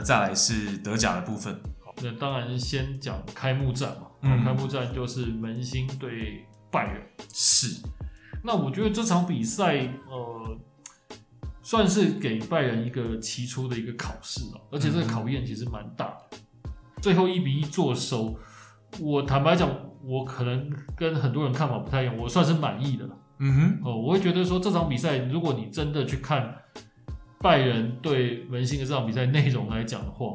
再來是德甲的部分好，那當然先講開幕戰嘛。開幕戰就是門興對拜仁、嗯，是。那我覺得這場比賽，呃，算是給拜仁一個起初的一個考試，而且這個考驗其實蠻大的。嗯、最後一比一作收，我坦白講，我可能跟很多人看法不太一樣，我算是滿意的。嗯哼，哦、呃，我會覺得說這場比賽，如果你真的去看。拜仁對門興的這場比賽內容來講的話，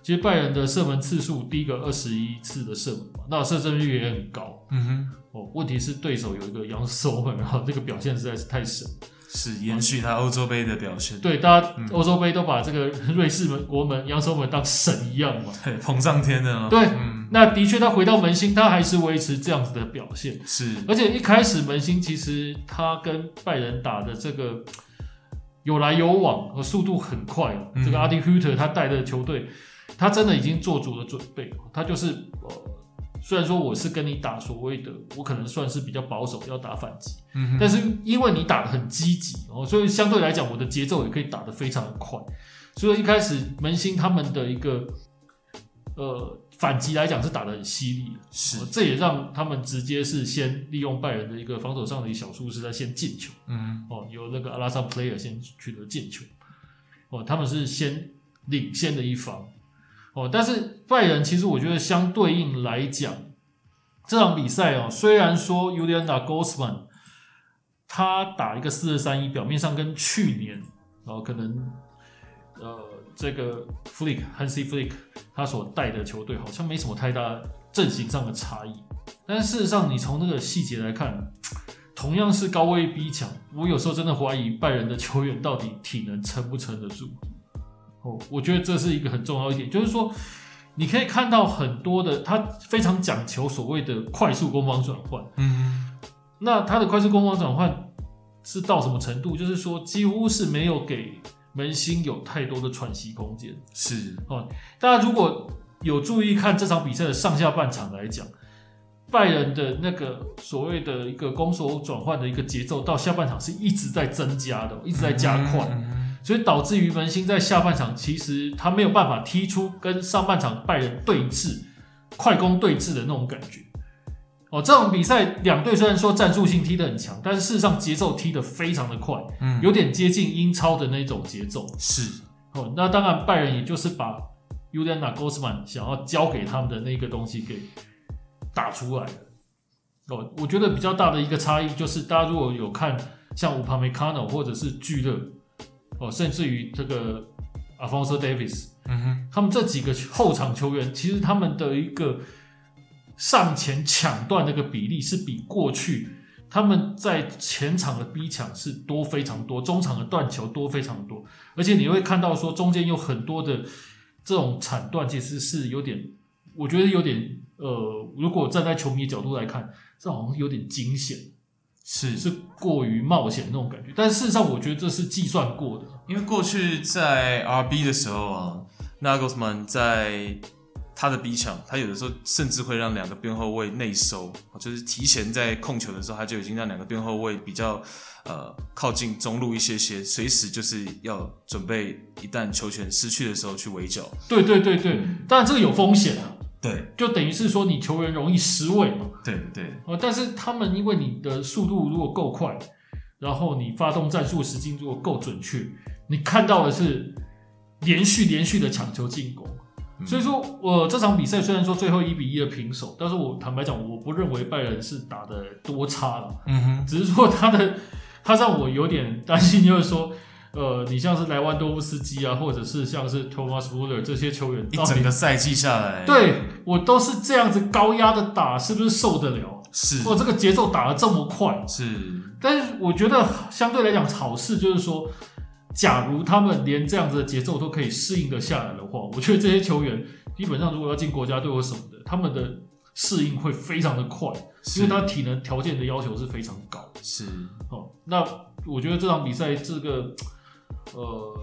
其實拜仁的射門次數低個二十一次的射門，那射正率也很高。嗯哼，哦，問題是對手有一個揚索門啊，然後這個表現實在是太神，是延續他歐洲杯的表現，嗯。對，大家歐洲杯都把這個瑞士門國門揚索門當神一樣嘛，捧上天的。對，嗯，那的確他回到門興，他還是維持這樣子的表現。是，而且一開始門興其實他跟拜仁打的這個。有來有往，速度很快。嗯哼。這個阿迪胡特他帶的球隊，他真的已經做足了準備。他就是，呃，雖然說我是跟你打所謂的，我可能算是比較保守，要打反擊。嗯哼。但是因為你打得很積極，哦，所以相對來講，我的節奏也可以打得非常的快。所以一開始門興他們的一個，呃。反擊來講是打得很犀利的，是、哦，這也讓他們直接是先利用拜仁的一個防守上的一個小失誤在先進球，嗯，哦，由那個 Alassane Pléa 先取得進球，哦，他們是先領先的一方，哦，但是拜仁其實我覺得相對應來講，這場比賽哦，雖然說 Julian Nagelsmann 他打一個四十三一，表面上跟去年哦可能，呃。這個 Flick，Hansi Flick，他所帶的球隊好像沒什麼太大陣型上的差異，但事實上，你從那個細節來看，同樣是高位逼搶，我有時候真的懷疑拜仁的球員到底體能撐不撐得住。哦、oh，我覺得這是一個很重要一點，就是說你可以看到很多的他非常講求所謂的快速攻防轉換。嗯，那他的快速攻防轉換是到什麼程度？就是說幾乎是沒有給。門興有太多的喘息空間，是哦。大家如果有注意看這場比賽的上下半場來講，拜仁的那個所謂的一個攻守轉換的一個節奏，到下半場是一直在增加的，一直在加快，所以導致於門興在下半場其實他沒有辦法踢出跟上半場拜仁對峙、快攻對峙的那種感覺。哦，這種比賽兩隊雖然說戰術性踢得很強，但是事實上節奏踢得非常的快，嗯，有點接近英超的那種節奏。是，哦，那當然拜仁也就是把 Julian Nagelsmann 想要交給他們的那個東西給打出來了。哦，我覺得比較大的一個差異就是，大家如果有看像 Upamecano 或者是聚勒，哦，甚至於這個 Alphonso Davies，嗯哼，他們這幾個後場球員，其實他們的一個。上前搶斷那個比例是比過去他們在前場的逼搶是多非常多，中場的斷球多非常多，而且你會看到說中間有很多的這種鏟斷，其實是有點，我覺得有點呃，如果站在球迷的角度來看，這好像有點驚險，是是過於冒險那種感覺。但事實上，我覺得這是計算過的，因為過去在 RB 的時候啊 Nagelsmann 在。他的逼搶，他有的時候甚至會讓兩個邊後衛內收，就是提前在控球的時候，他就已經讓兩個邊後衛比較呃靠近中路一些些，隨時就是要準備一旦球權失去的時候去圍剿。對對對對，但這個有風險啊。對，就等於是說你球員容易失位嘛。對對對。哦、呃，但是他們因為你的速度如果夠快，然後你發動戰術時機如果夠準確，你看到的是連續連續的搶球進攻。所以說我、呃、這場比賽雖然說最後一比一的平手，但是我坦白講，我不認為拜仁是打的多差了，嗯哼，只是說他的他讓我有點擔心，就是說，呃，你像是萊萬多夫斯基啊，或者是像是 Thomas Müller 這些球員到，一整個賽季下來，對我都是這樣子高壓的打，是不是受得了？是，我、哦、這個節奏打的這麼快，是，但是我覺得相對來講，好事就是說。假如他們連這樣子的節奏都可以適應得下來的話，我覺得這些球員基本上如果要進國家隊或什麼的，他們的適應會非常的快，是因為他體能條件的要求是非常的高。是哦、嗯，那我覺得這場比賽這個呃，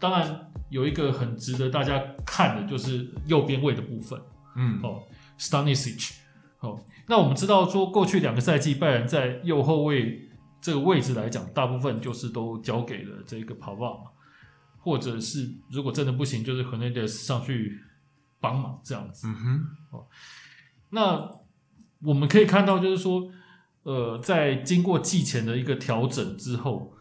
當然有一個很值得大家看的就是右邊衛的部分，嗯哦 Stanisic 哦，那我們知道說過去兩個賽季拜仁在右後衛。這個位置來講，大部分就是都交給了這個帕瓦嘛，或者是如果真的不行，就是亨內德斯上去幫忙這樣子。嗯哼，哦，那我們可以看到，就是說，呃，在經過季前的一個調整之後，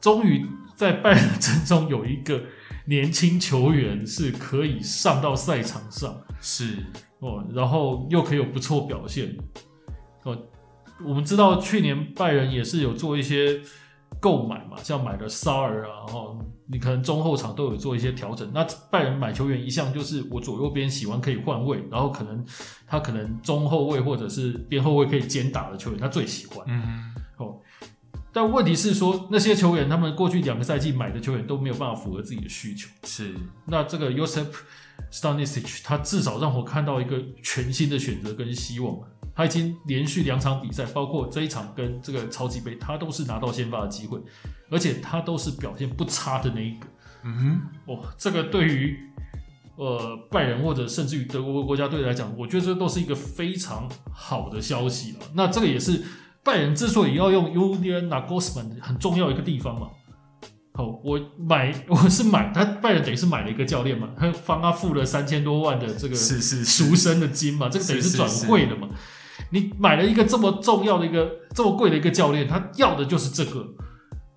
終於在拜仁陣中有一個年輕球員是可以上到賽場上，是哦，然後又可以有不錯表現，哦。我們知道去年拜仁也是有做一些購買嘛，像買的薩爾啊，然後你可能中後場都有做一些調整。那拜仁買球員一向就是我左右邊喜歡可以換位，然後可能他可能中後衛或者是邊後衛可以兼打的球員，他最喜歡。嗯，哦。但問題是說那些球員他們過去兩個賽季買的球員都沒有辦法符合自己的需求。是。那這個 Josip Stanisic 他至少讓我看到一個全新的選擇跟希望。他已經連續兩場比賽，包括這一場跟這個超級杯，他都是拿到先發的機會，而且他都是表現不差的那一個。嗯，哇、哦，這個對於呃拜仁或者甚至於德國國家隊來講，我覺得這都是一個非常好的消息了。那這個也是拜仁之所以要用 Julian Nagelsmann 很重要一個地方嘛。好、哦，我買我是買他拜仁等於是買了一個教練嘛，他幫他付了三千多萬的這個贖身的金嘛，是是是是是這個等於是轉會的嘛。是是是是你買了一個這麼重要的一個這麼貴的一個教練，他要的就是這個。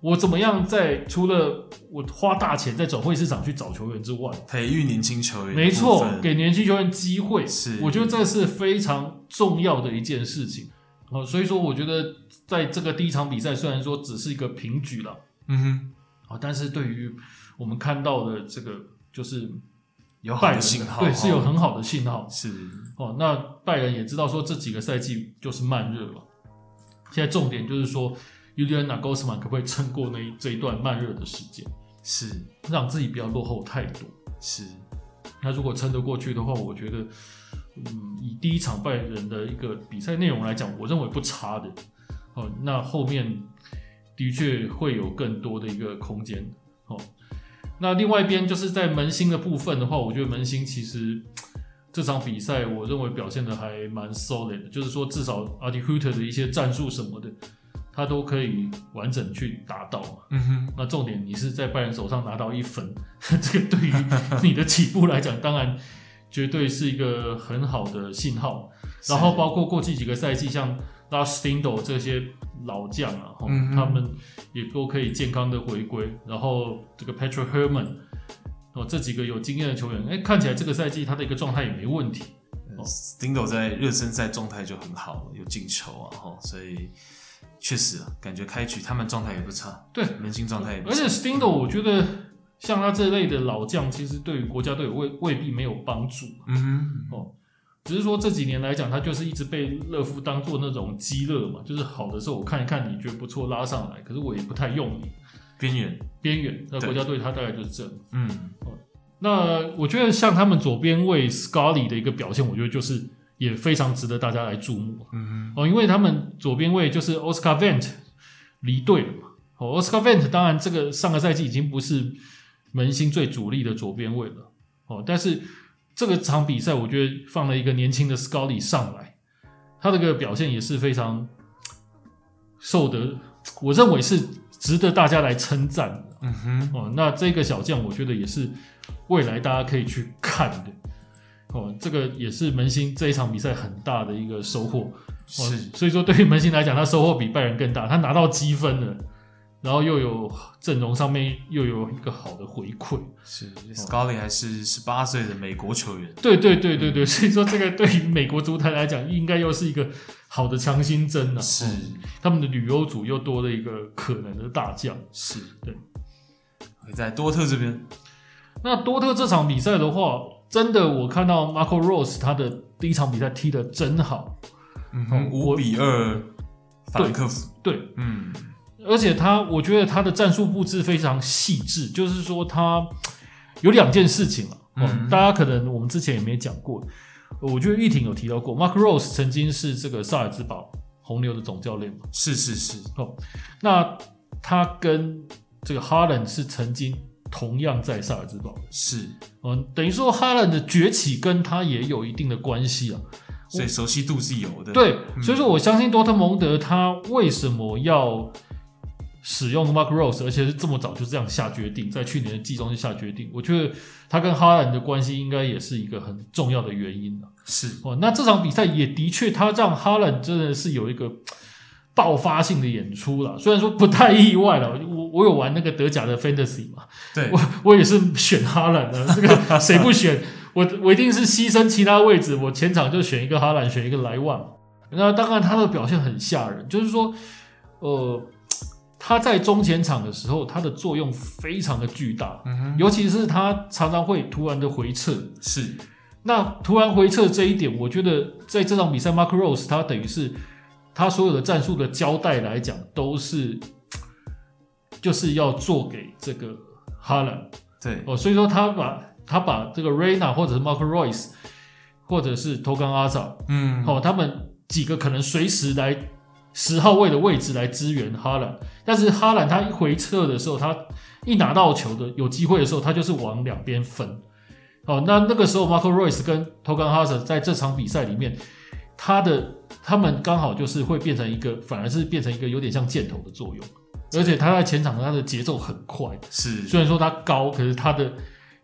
我怎麼樣在除了我花大錢在轉會市場去找球員之外，培育年輕球員，沒錯，給年輕球員機會，是，我覺得這是非常重要的一件事情啊。所以說，我覺得在這個第一場比賽雖然說只是一個平局了，嗯哼，啊，但是對於我們看到的這個就是。有好的信號的，對，是有很好的信號。哦是哦，那拜仁也知道說這幾個賽季就是慢熱嘛。現在重點就是說，尤利安納·高斯曼可不可以撐過那一這一段慢熱的時間？是，讓自己不要落後太多。是，那如果撐得過去的話，我覺得，嗯，以第一場拜仁的一個比賽內容來講，我認為不差的。哦，那後面的確會有更多的一個空間。哦。那另外一邊就是在門星的部分的話，我覺得門星其實這場比賽，我認為表現的還蠻 solid 的，就是說至少阿迪 o r 的一些戰術什麼的，他都可以完整去達到嗯哼。那重點你是在拜仁手上拿到一分， 這個對於你的起步來講， 當然絕對是一個很好的信號。然後包括過去幾個賽季像。.那 Stindl 這些老將啊，他們也都可以健康的回歸、嗯。然後這個 Patrick Hermann 哦，這幾個有經驗的球員，哎，看起來這個賽季他的一個狀態也沒問題。Stindl 在熱身賽狀態就很好，有進球啊，哈，所以確實感覺開局他們狀態也不差。對，門將狀態也不差。而且 Stindl 我覺得像他這類的老將，其實對於國家隊未未必沒有幫助。嗯哼，哦、嗯。只是說這幾年來講，他就是一直被勒夫當做那種雞肋嘛，就是好的時候我看一看，你覺得不錯拉上來，可是我也不太用你。邊緣，邊緣，那國家隊他大概就是這樣。嗯。哦，那我覺得像他們左邊衛 Scally 的一個表現，我覺得就是也非常值得大家來注目。嗯。哦，因為他們左邊衛就是 Oscar Vent 離隊了嘛。哦，Oscar Vent 當然這個上個賽季已經不是門興最主力的左邊衛了。哦，但是。這個場比賽，我覺得放了一個年輕的 Scotty 上來，他這個表現也是非常受得，我認為是值得大家來稱讚的。嗯哼，哦，那這個小將，我覺得也是未來大家可以去看的。哦，這個也是門興這一場比賽很大的一個收穫。是，哦，所以說對於門興來講，他收穫比拜仁更大，他拿到積分了。然後又有陣容上面又有一個好的回饋，是 Scally 還是十八歲的美國球員？對、嗯、對對對對，所以說這個對於美國足壇來講，應該又是一個好的強心針了、啊。是、嗯，他們的旅遊組又多了一個可能的大將是，對。在多特這邊，那多特這場比賽的話，真的我看到 Marco Rose 他的第一場比賽踢得真好，從、嗯、五、嗯、比二反客，對，嗯。而且他，我覺得他的戰術布置非常細緻，就是說他有兩件事情、哦、嗯，大家可能我們之前也沒講過，我覺得玉婷有提到過，Mark Rose 曾經是這個薩爾茨堡紅牛的總教練嘛？是是是哦。那他跟這個 Haaland 是曾經同樣在薩爾茨堡的，是嗯，等於說 Haaland 的崛起跟他也有一定的關係啊，所以熟悉度是有的。對、嗯，所以說我相信多特蒙德他為什麼要。使用 Marco Rose，而且是這麼早就這樣下決定，在去年的季中就下決定。我覺得他跟哈蘭的關係應該也是一個很重要的原因了。是哦，那這場比賽也的確，他讓哈蘭真的是有一個爆發性的演出了。雖然說不太意外了，我我，我有玩那個德甲的 Fantasy 嘛，對，我我也是選哈蘭的。這、那個誰不選？ 我我一定是犧牲其他位置，我前場就選一個哈蘭，選一個萊萬。那當然他的表現很嚇人，就是說，呃。他在中前場的時候，他的作用非常的巨大，嗯哼，尤其是他常常會突然的回撤。是，那突然回撤這一點，我覺得在這場比賽，Marco Reus 他等於是他所有的戰術的交代來講，都是就是要做給這個 Haaland。對哦，所以說他把他把這個 Reyna 或者是 Marco Reus 或者是托岡阿扎，嗯哦，他們幾個可能隨時來。十號位的位置來支援哈蘭，但是哈蘭他一回撤的時候，他一拿到球的有機會的時候，他就是往兩邊分。哦，那那個時候 Marco Reus 跟 Thorgan Hazard 在這場比賽裡面，他的他們剛好就是會變成一個，反而是變成一個有點像箭頭的作用。而且他在前場他的節奏很快，是雖然說他高，可是他的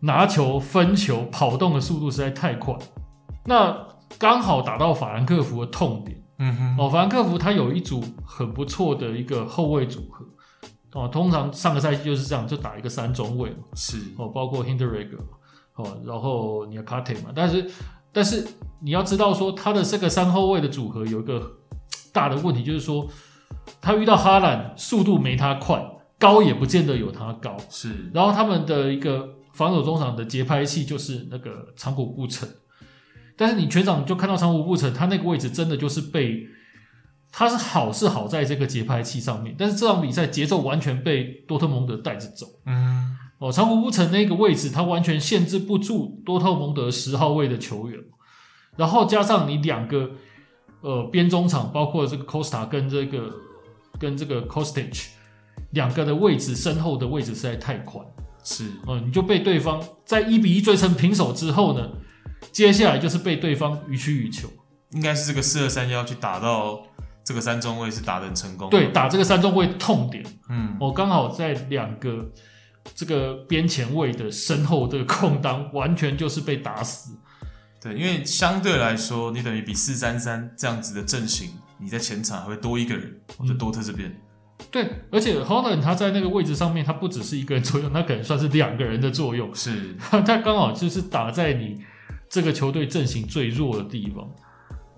拿球、分球、跑動的速度實在太快，那剛好打到法蘭克福的痛點。嗯哼，哦，法蘭克福他有一組很不錯的一個後衛組合，哦，通常上個賽季就是這樣，就打一個三中衛嘛，是，哦，包括 Hinteregger 哦，然後 Nikate 嘛，但是，但是你要知道說，他的這個三後衛的組合有一個大的問題，就是說他遇到哈蘭，速度沒他快，高也不見得有他高，是，然後他們的一個防守中場的節拍器就是那個長谷部誠。但是你全場就看到長湖布城，他那個位置真的就是被他是好是好在這個節拍器上面，但是這場比賽節奏完全被多特蒙德帶着走。嗯，哦，長湖布城那個位置他完全限制不住多特蒙德十號位的球員，然後加上你兩個呃邊中場，包括這個 Costa 跟這個跟這個 Costage 兩個的位置身後的位置實在太寬，是，哦、呃，你就被對方在一比一追成平手之後呢，接下來就是被對方予取予求，應該是這個四二三幺，去打到這個三中衛是打的很成功。對，打這個三中衛痛點，嗯、哦，我剛好在兩個這個邊前衛的身後這個空檔，完全就是被打死。對，因為相對來說，你等於比四三三這樣子的陣型，你在前場還會多一個人。哦、就多特這邊、嗯，對，而且 Haaland 他在那個位置上面，他不只是一個人作用，他可能算是兩個人的作用。是，他剛好就是打在你這個球隊陣型最弱的地方，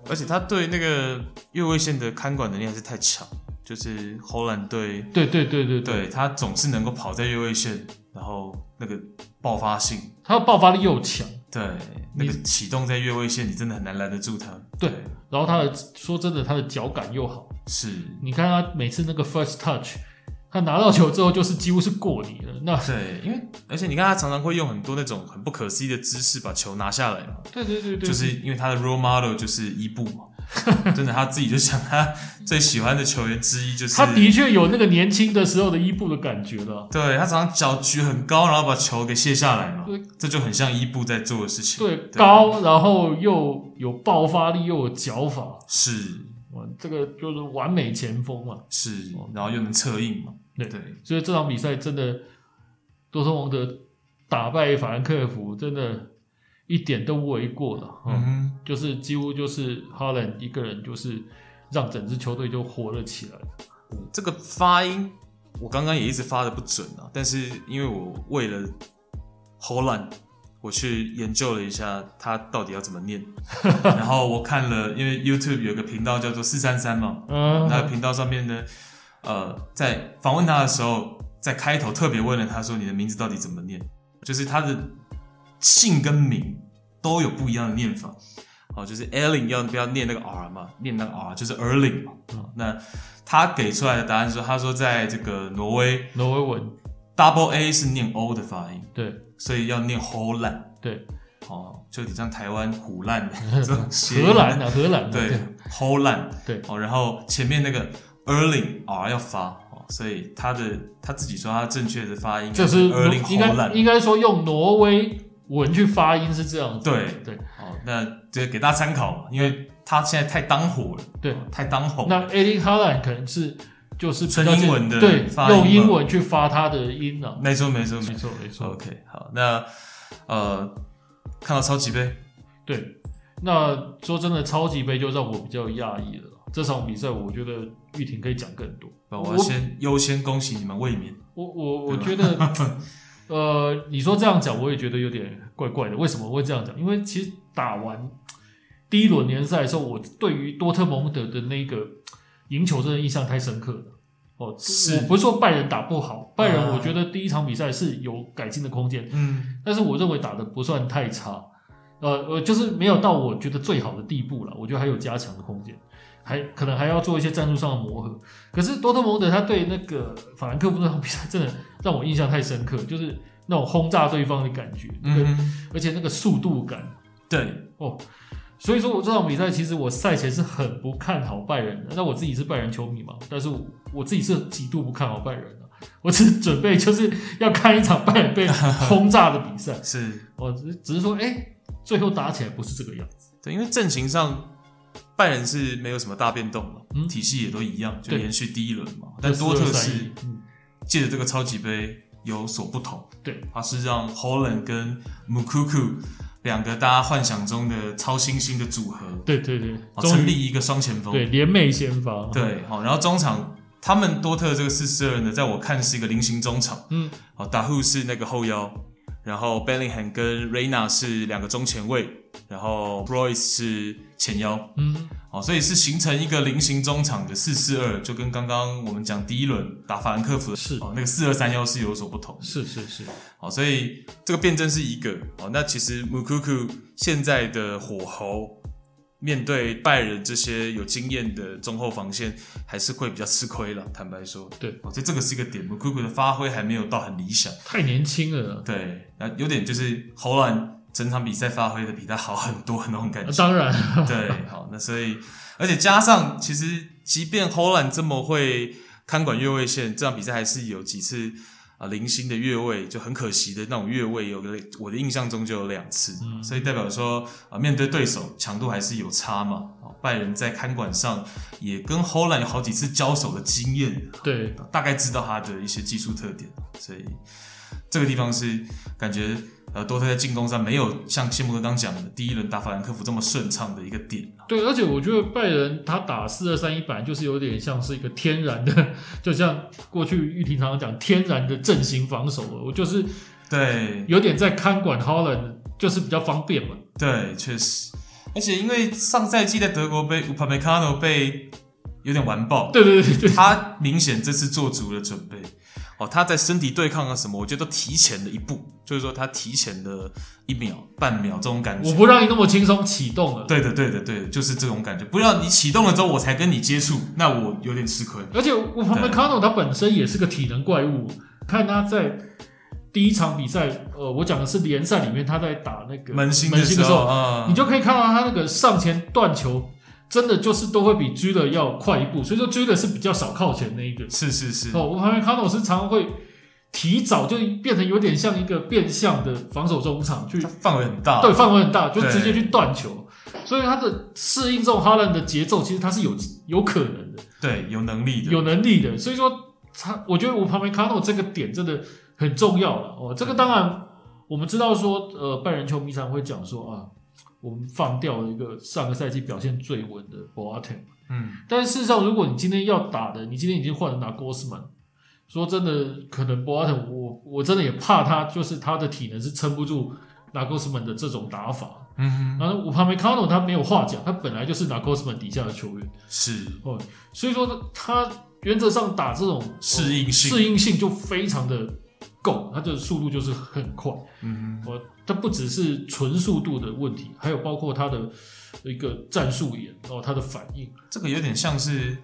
而且他對那個越位線的看管能力還是太強。就是 Haaland 對，對對對對,對,對，對他總是能夠跑在越位線，然後那個爆發性，他的爆發力又強，嗯、對那個啟動在越位線，你真的很難攔得住他。對，對然後他的說真的，他的腳感又好，是，你看他每次那個 first touch。他拿到球之後就是幾乎是過你了。那對，因為而且你看他常常會用很多那種很不可思議的姿勢把球拿下來嘛。對對對對，就是因為他的 role model 就是伊布嘛， 真的他自己就想，他最喜歡的球員之一就是。他的確有那個年輕的時候的伊布的感覺了、啊。對他常常腳舉很高，然後把球給卸下來嘛，對這就很像伊布在做的事情對。對，高，然後又有爆發力，又有腳法，是。哇，這個就是完美前鋒嘛，是，然後又能策應嘛，嗯、對對，所以這場比賽真的多特蒙德打敗法蘭克福，真的一點都不為過了。嗯，嗯，就是幾乎就是哈蘭一個人，就是讓整支球隊就活了起來了。這個發音我剛剛也一直發的不準啊，但是因為我為了荷蘭。我去研究了一下，他到底要怎麼念。然後我看了，因為 YouTube 有一個頻道叫做四三三嘛，嗯，那頻道上面呢，呃，在訪問他的時候，在開頭特別問了他說：“你的名字到底怎麼念？”就是他的姓跟名都有不一樣的念法。哦，就是 Elling 要不要念那個 r 嘛？念那個 r 就是 Erling 嘛？那他給出來的答案是說：“他說在這個挪威，挪威文 Double A 是念 O 的發音。”對。所以要念 Holand，對，哦，就你像台灣虎爛，荷蘭的、啊、荷蘭，對，荷蘭，Holand，對，哦，然後前面那個 Erling 的 r 要發，哦，所以他的他自己說他正確的發音就是 Erling 應該說用挪威文去發音是這樣子，對對，哦，那就給大家參考嘛，因為他現在太當火了，對，哦、太當火，那 Eddie Haaland 可能是。就是純英文的對，用英文去發他的音了、啊。沒錯，沒錯，沒錯，沒錯。OK，好，那呃，看到超級杯，對，那說真的，超級杯就讓我比較訝異了。這場比賽，我覺得玉婷可以講更多。我，我先優先恭喜你們衛冕。我我我，我覺得， 呃，你說這樣講，我也覺得有點怪怪的。為什麼會這樣講？因為其實打完第一輪聯賽的時候，嗯、我對於多特蒙德的那個。贏球真的印象太深刻了，哦，是，我不是說拜仁打不好，拜仁我覺得第一場比賽是有改進的空間，嗯，但是我認為打得不算太差，呃呃，就是沒有到我覺得最好的地步了，我覺得還有加強的空間，還可能還要做一些戰術上的磨合。可是多特蒙德他對那個法蘭克福那場比賽真的讓我印象太深刻，就是那種轟炸對方的感覺，嗯、那個，而且那個速度感，對，哦。所以說，我這場比賽其實我賽前是很不看好拜仁的。那我自己是拜仁球迷嘛，但是我，我自己是極度不看好拜仁的。我只準備就是要看一場拜仁被轟炸的比賽。 是，我只是說，哎、欸，最後打起來不是這個樣子。對，因為陣型上拜仁是沒有什麼大變動嘛，嗯，體系也都一樣，就延續第一輪嘛。但多特是借着這個超級杯有所不同。對，他是讓 Holland 跟 Mukuku。兩個大家幻想中的超新星的組合，對對對，成立一個雙前鋒，對，聯袂前鋒，對，好，然後中場，他們多特這個四四二人呢，在我看是一個菱形中場，嗯，好，達胡是那個後腰，然後貝林漢跟雷納是兩個中前衛，然後 Royce 是前腰，嗯，哦，所以是形成一個菱形中場的四四二，就跟剛剛我們講第一輪打法蘭克福的，是，哦，那個四二三一是有所不同，是是是，哦，所以這個變陣是一個哦，那其實穆庫庫現在的火候，面對拜仁這些有經驗的中後防線，還是會比較吃虧了，坦白說，對，我、哦、所以這個是一個點，穆庫庫的發揮還沒有到很理想，太年輕了，對，那有點就是喉軟。整場比賽發揮的比他好很多，那種感覺。當然，對，好、 哦，那所以，而且加上，其實即便 Haaland 這麼會看管越位線，這場比賽還是有幾次啊、呃、零星的越位，就很可惜的那種越位。有個我的印象中就有兩次、嗯，所以代表說啊、呃，面對對手強度還是有差嘛、哦。拜仁在看管上也跟 Haaland 有好幾次交手的經驗，對、哦，大概知道他的一些技術特點，所以這個地方是感覺。呃，多特在進攻上沒有像謝幕德剛講的第一輪打法蘭克福這麼順暢的一個點啊。對，而且我覺得拜仁他打四二三一板就是有點像是一個天然的，就像過去玉婷常常講天然的陣型防守了，我就是對有點在看管 Haaland 就是比較方便嘛對。對，確實，而且因為上賽季在德國盃被帕梅卡諾被有點完爆，對對對對，就是，他明顯這次做足了準備。哦，他在身體對抗啊什麼，我覺得都提前了一步，就是說他提前了一秒半秒這種感覺。我不讓你那麼輕鬆啟動了。對，對的，對的，對的，就是這種感覺，不要，你啟動了之後我才跟你接觸，那我有點吃虧。而且我旁邊卡諾他本身也是個體能怪物，看他在第一場比賽，呃，我講的是聯賽裡面他在打那個門興的時候，門興的時候，嗯，你就可以看到他那個上前斷球。真的就是都會比追的要快一步，所以說追的是比較少靠前那一個。是是是哦，我旁邊卡諾是常會提早就變成有點像一個變相的防守中場，去範圍很大，對，範圍很大，就直接去斷球。所以他的適應這種哈蘭的節奏，其實他是有有可能的，對，有能力的，有能力的。所以說他，我覺得我旁邊卡諾這個點真的很重要了哦。這個當然，嗯，我們知道說，呃，拜仁球迷常會講說啊。我們放掉了一個上個賽季表現最穩的 Boateng 嗯，但事實上，如果你今天要打的，你今天已經換了 Nagelsmann 說真的，可能 Boateng 我我真的也怕他，就是他的體能是撐不住 Nagelsmann 的這種打法，嗯哼，然後我怕 Upamecano，他沒有話講，他本來就是 Nagelsmann 底下的球員，是哦，嗯，所以說他原則上打這種適應性，哦，適應性就非常的。他的速度就是很快，嗯哼、哦，他不只是純速度的問題，還有包括他的一個戰術眼哦，他的反應，這個有點像是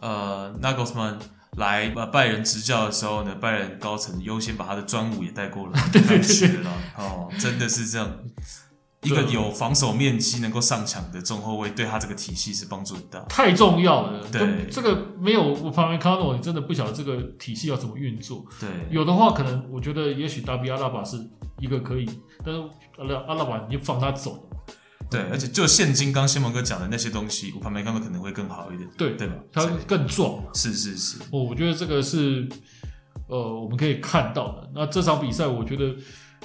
呃，納格爾斯曼來拜仁執教的時候呢，拜仁高層優先把他的專武也帶過來 對對對對。哦，真的是這樣。 一個有防守面積能夠上搶的中後衛，對他這個體系是幫助很大，太重要了。對，這個沒有烏帕梅卡諾，你真的不曉得這個體系要怎麼運作。對，有的話可能我覺得也許達比阿拉巴是一個可以，但是阿拉阿拉巴你就放他走對，對，而且就現今剛新蒙哥講的那些東西，烏帕梅卡諾可能會更好一點。對，對吧？對他會更壯。是是是，我我覺得這個是呃我們可以看到的。那這場比賽，我覺得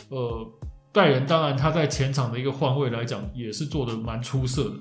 呃。拜仁，當然他在前場的一個換位來講也是做的蠻出色的。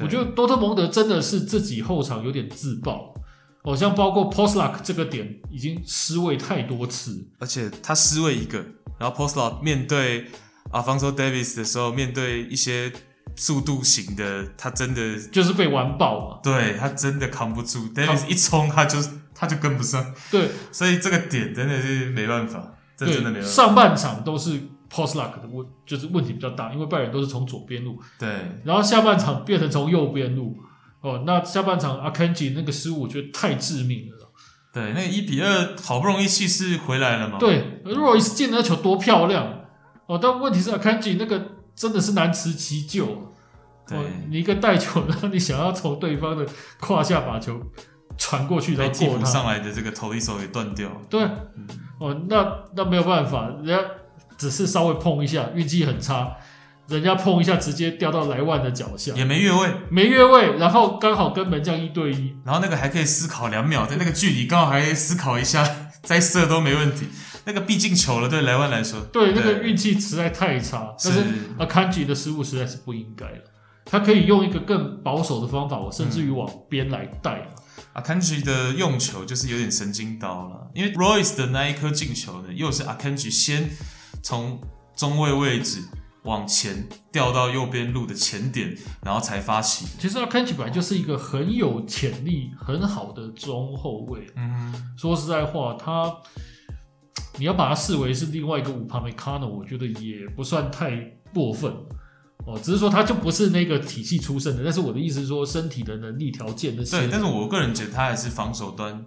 我覺得多特蒙德真的是自己後場有點自爆，好像包括 Postlock 這個點已經失位太多次，而且他失位一個，然後 Postlock 面對阿方索· Davis 的時候，面對一些速度型的，他真的就是被完爆了。對，他真的扛不住，Davis 一衝他就他就跟不上。對，所以這個點真的是沒辦法，這真的沒辦法。上半場都是。Posluck 的問就是問題比較大，因為拜仁都是從左邊路，對，然後下半場變成從右邊路哦。那下半場阿 k e n g 那個失誤，我覺得太致命了。對，那個一比二好不容易氣勢回來了嘛。對，如果 r y 進了那球多漂亮哦！但問題是阿 k e n g 那個真的是難辭其咎。對。哦，你一個帶球，然後你想要從對方的胯下把球傳過去，然後過上來的這個頭一手給斷掉。對，嗯、哦，那那沒有辦法，人、嗯、家。只是稍微碰一下，運氣很差。人家碰一下，直接掉到萊萬的腳下，也沒越位，沒越位。然後剛好跟門將一對一，然後那個還可以思考兩秒，在那個距離剛好還思考一下再射都沒問題。那個必進球了，對萊萬來說，對，對那個運氣實在太差。但是阿坎吉的失誤實在是不應該了，他可以用一個更保守的方法，我甚至於往邊來帶。阿坎吉的用球就是有點神經刀了，因為 Royce 的那一顆進球呢，又是阿坎吉先從中衛位，位置往前掉到右邊路的前點，然後才發起。其實阿坎奇本來就是一個很有潛力、很好的中後衛。嗯，說實在話，他你要把他視為是另外一個烏帕梅卡諾，我覺得也不算太過分哦。只是說他就不是那個體系出身的，但是我的意思是說，身體的能力條件的。對，但是我個人覺得他還是防守端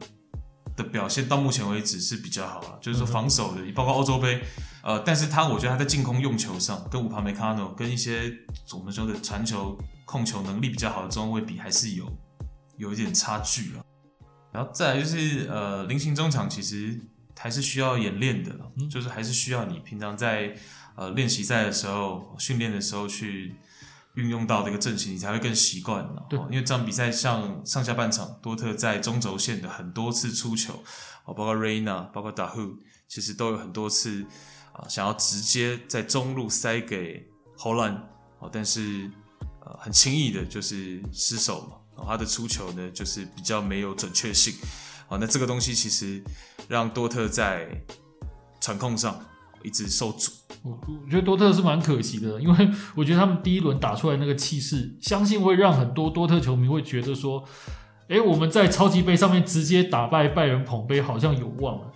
的表現到目前為止是比較好了，就是說防守的，嗯、包括歐洲杯。呃，但是他我覺得他在進攻用球上，跟 Upamecano 跟一些我們說的傳球控球能力比較好的中衛比，還是有有一點差距啊。然後再來就是，呃，菱形中場其實還是需要演練的，就是還是需要你平常在呃練習賽的時候、訓練的時候去運用到這個陣型，你才會更習慣。對，因為這場比賽像上下半場，多特在中軸線的很多次出球，包括 Reyna，包括 Dahoud，其實都有很多次。啊，想要直接在中路塞給侯蘭，哦，但是呃，很輕易的就是失手嘛。哦，他的出球呢，就是比較沒有準確性。好，那這個東西其實讓多特在傳控上一直受阻。我，我覺得多特是蠻可惜的，因為我覺得他們第一輪打出來那個氣勢，相信會讓很多多特球迷會覺得說，誒，我們在超級盃上面直接打敗拜仁捧盃，好像有望了。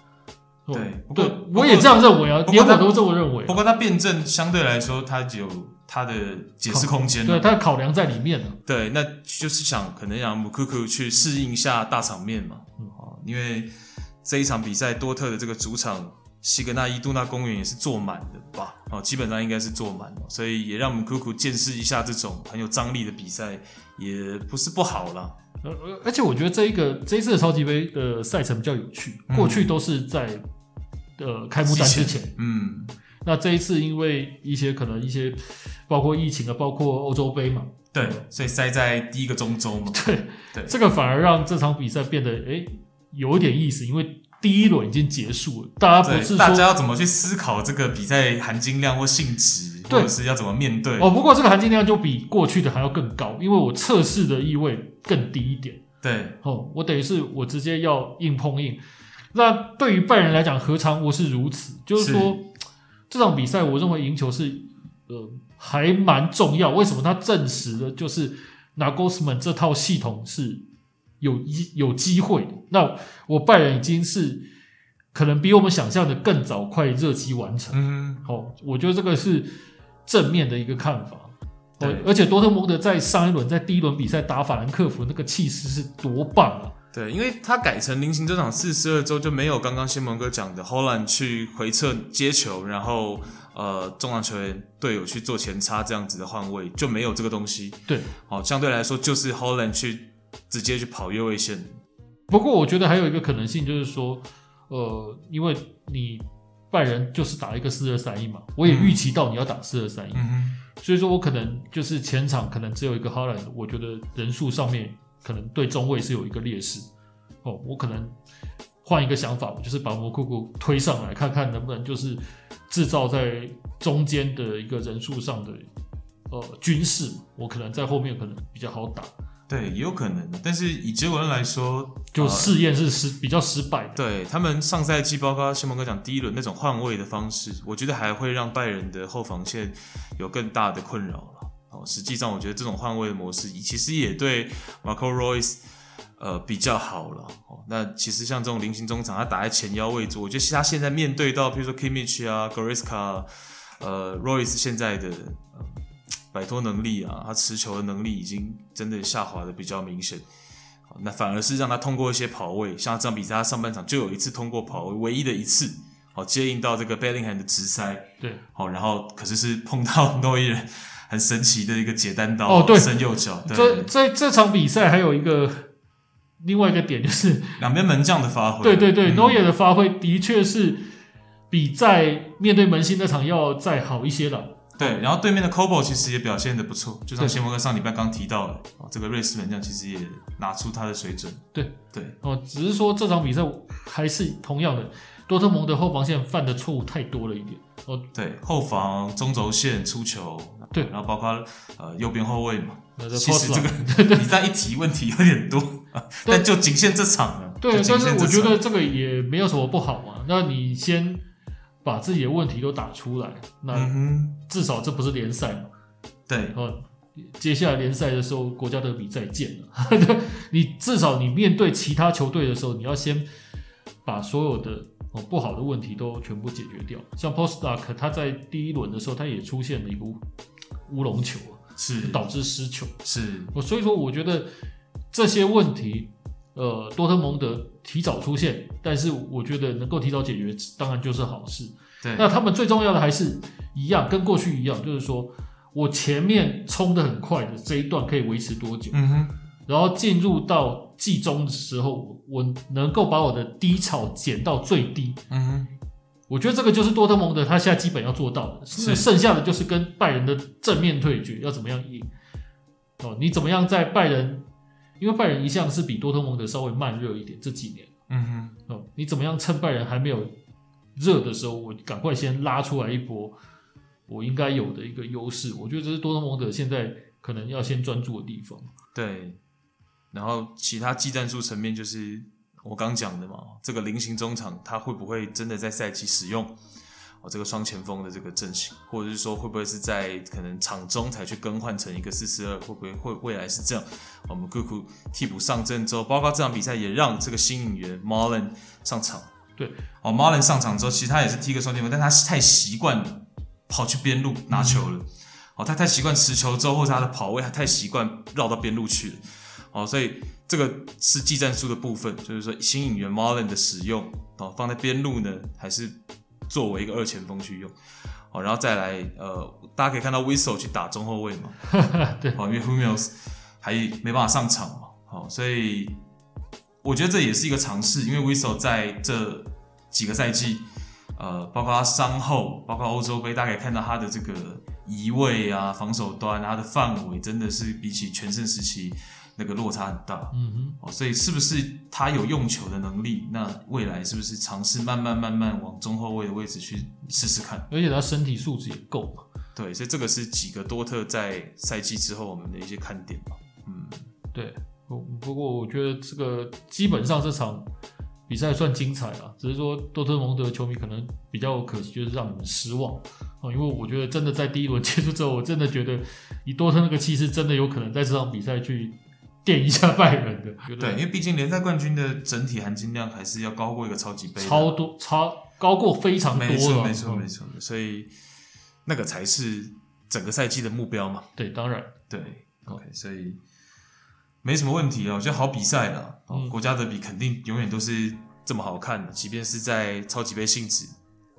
對，對不過，不過我也這樣認為啊，別人都這麼認為。不過他辯證相對來說，他有他的解釋空間，對，對他考量在裡面對，那就是想可能讓穆科科去適應一下大場面嘛。嗯、因為這一場比賽，多特的這個主場西格納伊杜納公園也是坐滿的吧？哦，基本上應該是坐滿了，所以也讓穆科科見識一下這種很有張力的比賽，也不是不好了。而而且我覺得這一個這一次的超級盃的賽、呃、程比較有趣，過去都是在、嗯。的、呃、開幕戰之前，前，嗯，那這一次因為一些可能一些包括疫情啊，包括歐洲盃嘛，對，所以塞在第一個中周嘛，對，對，這個反而讓這場比賽變得誒、欸、有一點意思，因為第一輪已經結束了，大家不是說，大家要怎麼去思考這個比賽含金量或性質，或者是要怎麼面對？哦，不過這個含金量就比過去的還要更高，因為我測試的意味更低一點，對，哦，我等於是我直接要硬碰硬。那對於拜仁來講，何嘗不是如此？就是說是，這場比賽我認為贏球是，呃，還蠻重要。為什麼？他證實了，就是納格斯曼這套系統是有有有機會的。那我拜仁已經是可能比我們想象的更早快熱機完成。嗯，好、哦，我覺得這個是正面的一個看法。對，哦、而且多特蒙德在上一輪在第一輪比賽打法蘭克福，那個氣勢是多棒啊！對，因為他改成菱形中場四四二之後，就沒有剛剛新盟哥講的 Holland 去回撤接球，然後呃中場球員隊友去做前插這樣子的換位，就沒有這個東西。對，好、哦，相對來說就是 Holland 去直接去跑越位線。不過我覺得還有一個可能性就是說，呃，因為你拜仁就是打一個四二三一嘛，我也預期到你要打四二三一，所以說我可能就是前場可能只有一個 Holland，我覺得人數上面。可能對中衛是有一個劣勢，哦，我可能換一個想法，就是把摩庫庫推上來，看看能不能就是制造在中間的一個人數上的呃優勢。我可能在後面可能比較好打。對，也有可能的，但是以結果來說，嗯、就試驗是失、呃、比較失敗的。對他們上賽季，包括西蒙哥講第一輪那種換位的方式，我覺得還會讓拜仁的後防線有更大的困擾。哦，實際上我覺得這種換位的模式其實也對 Marco Royce 呃比較好了。哦，那其實像這種菱形中場，他打在前腰位置，我覺得他現在面對到比如說 Kimmich 啊、Goretzka 啊呃 Royce 現在的擺脫能力啊，他持球的能力已經真的下滑的比較明顯。那反而是讓他通過一些跑位，像這場比賽他上半場就有一次通過跑位，唯一的一次哦接應到這個 Bellingham 的直塞，對，好，然後可是是碰到諾伊人。很神奇的一個解單刀哦，對，伸右腳。對，這這,這場比賽還有一個另外一個點就是兩邊門將的發揮。對對對諾、嗯、Neuer 的發揮的確是比在面對門興那場要再好一些了。對、哦，然後對面的 Kobel 其實也表現得不錯，就像先文哥上禮拜剛,剛提到的、哦，這個瑞士門將其實也拿出他的水準。對對哦，只是說這場比賽還是同樣的，多特蒙德後防線犯的錯誤太多了一點。哦，對，後防中軸線出球。對，然後包括呃右邊後衛嘛，那個，其實這個比賽一提問題有點多， 對，但就僅限，限這場了。對，但是我覺得這個也沒有什麼不好嘛。那你先把自己的問題都打出來，那至少這不是聯賽嘛。對、嗯，然後接下來聯賽的時候，國家德比再見了。對 你至少你面對其他球隊的時候，你要先把所有的哦不好的問題都全部解決掉。像 Postdoc 他在第一輪的時候，他也出現了一波。烏龍球，是導致失球，是，我所以說我覺得這些問題，呃，多特蒙德提早出現，但是我覺得能夠提早解決，當然就是好事。對，那他們最重要的還是一樣，跟過去一樣，就是說我前面衝的很快的這一段可以維持多久，嗯哼，然後進入到季中的時候，我能夠把我的低潮減到最低，嗯哼。我覺得這個就是多特蒙德，他現在基本要做到的，是剩下的就是跟拜仁的正面對決要怎麼樣贏哦，你怎麼樣在拜仁，因為拜仁一向是比多特蒙德稍微慢熱一點這幾年，嗯哼哦，你怎麼樣趁拜仁還沒有熱的時候，我趕快先拉出來一波我應該有的一個優勢，我覺得這是多特蒙德現在可能要先專注的地方。對，然後其他技戰術層面就是。我剛講的嘛，這個菱形中場他會不會真的在賽季使用？哦，這個雙前鋒的這個陣型，或者是說會不會是在可能場中才去更換成一個四四二？會不會會未來是這樣？我們庫庫替補上陣之後，包括這場比賽也讓這個新引援 Malen 上場。對，哦，Malen 上場之後，其實他也是踢個雙前鋒，但他是太習慣跑去邊路拿球了。哦，他太習慣持球之後，或者他的跑位，他太習慣繞到邊路去了。哦，所以。這個是技戰術的部分，就是說新引援 Malen 的使用，放在邊路呢，還是作為一個二前鋒去用，好，然後再來呃，大家可以看到 Witsel 去打中後衛嘛， 對，因為 Hummels 還沒辦法上場嘛，好，所以我覺得這也是一個嘗試，因為 Witsel 在這幾個賽季，呃，包括他傷後，包括歐洲杯，大家可以看到他的這個移位啊，防守端他的範圍真的是比起全盛時期，那個落差很大，嗯哼，哦，所以是不是他有用球的能力？那未來是不是嘗試慢慢慢慢往中後衛的位置去試試看？而且他身體素質也夠嘛。對，所以這個是幾個多特在賽季之後我們的一些看點吧。嗯，對，不不過我覺得這個基本上這場比賽算精彩了，嗯，只是說多特蒙德的球迷可能比較可惜，就是讓你們失望哦，因為我覺得真的在第一輪結束之後，我真的覺得以多特那個氣勢，真的有可能在這場比賽去。墊一下拜仁的對。對，因為畢竟聯賽冠軍的整體含金量還是要高過一個超級盃，啊，超多超高過非常多的、啊，沒錯沒錯沒錯，所以那個才是整個賽季的目標嘛。對，當然對，OK，所以沒什麼問題啊，我覺得好比賽了、啊哦，國家德比肯定永遠都是這麼好看的、啊嗯，即便是在超級盃性質，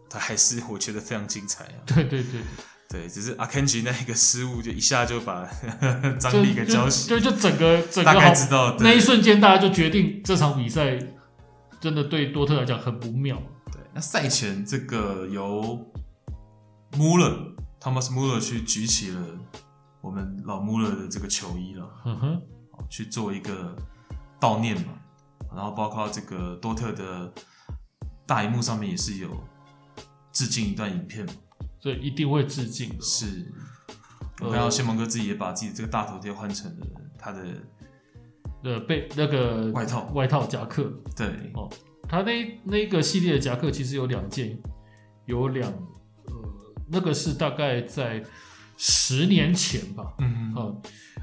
它還是我覺得非常精彩啊。對對對。對，只是阿肯吉那個失誤，就一下就把張力給澆熄，就就，就，就整個整個大概知道對，那一瞬間，大家就決定這場比賽真的對多特來講很不妙。對，那賽前這個由穆勒 Thomas Muller 去舉起了我們老穆勒的這個球衣了，uh -huh. 去做一個悼念嘛。然後包括這個多特的大螢幕上面也是有致敬一段影片嘛。對，一定會致敬的、哦。是，然後謝蒙哥自己也把自己這個大頭貼換成了他的呃，被那個外套、外套夾克。對，哦，他那那個系列的夾克其實有兩件，有兩、呃、那個是大概在十年前吧。嗯，啊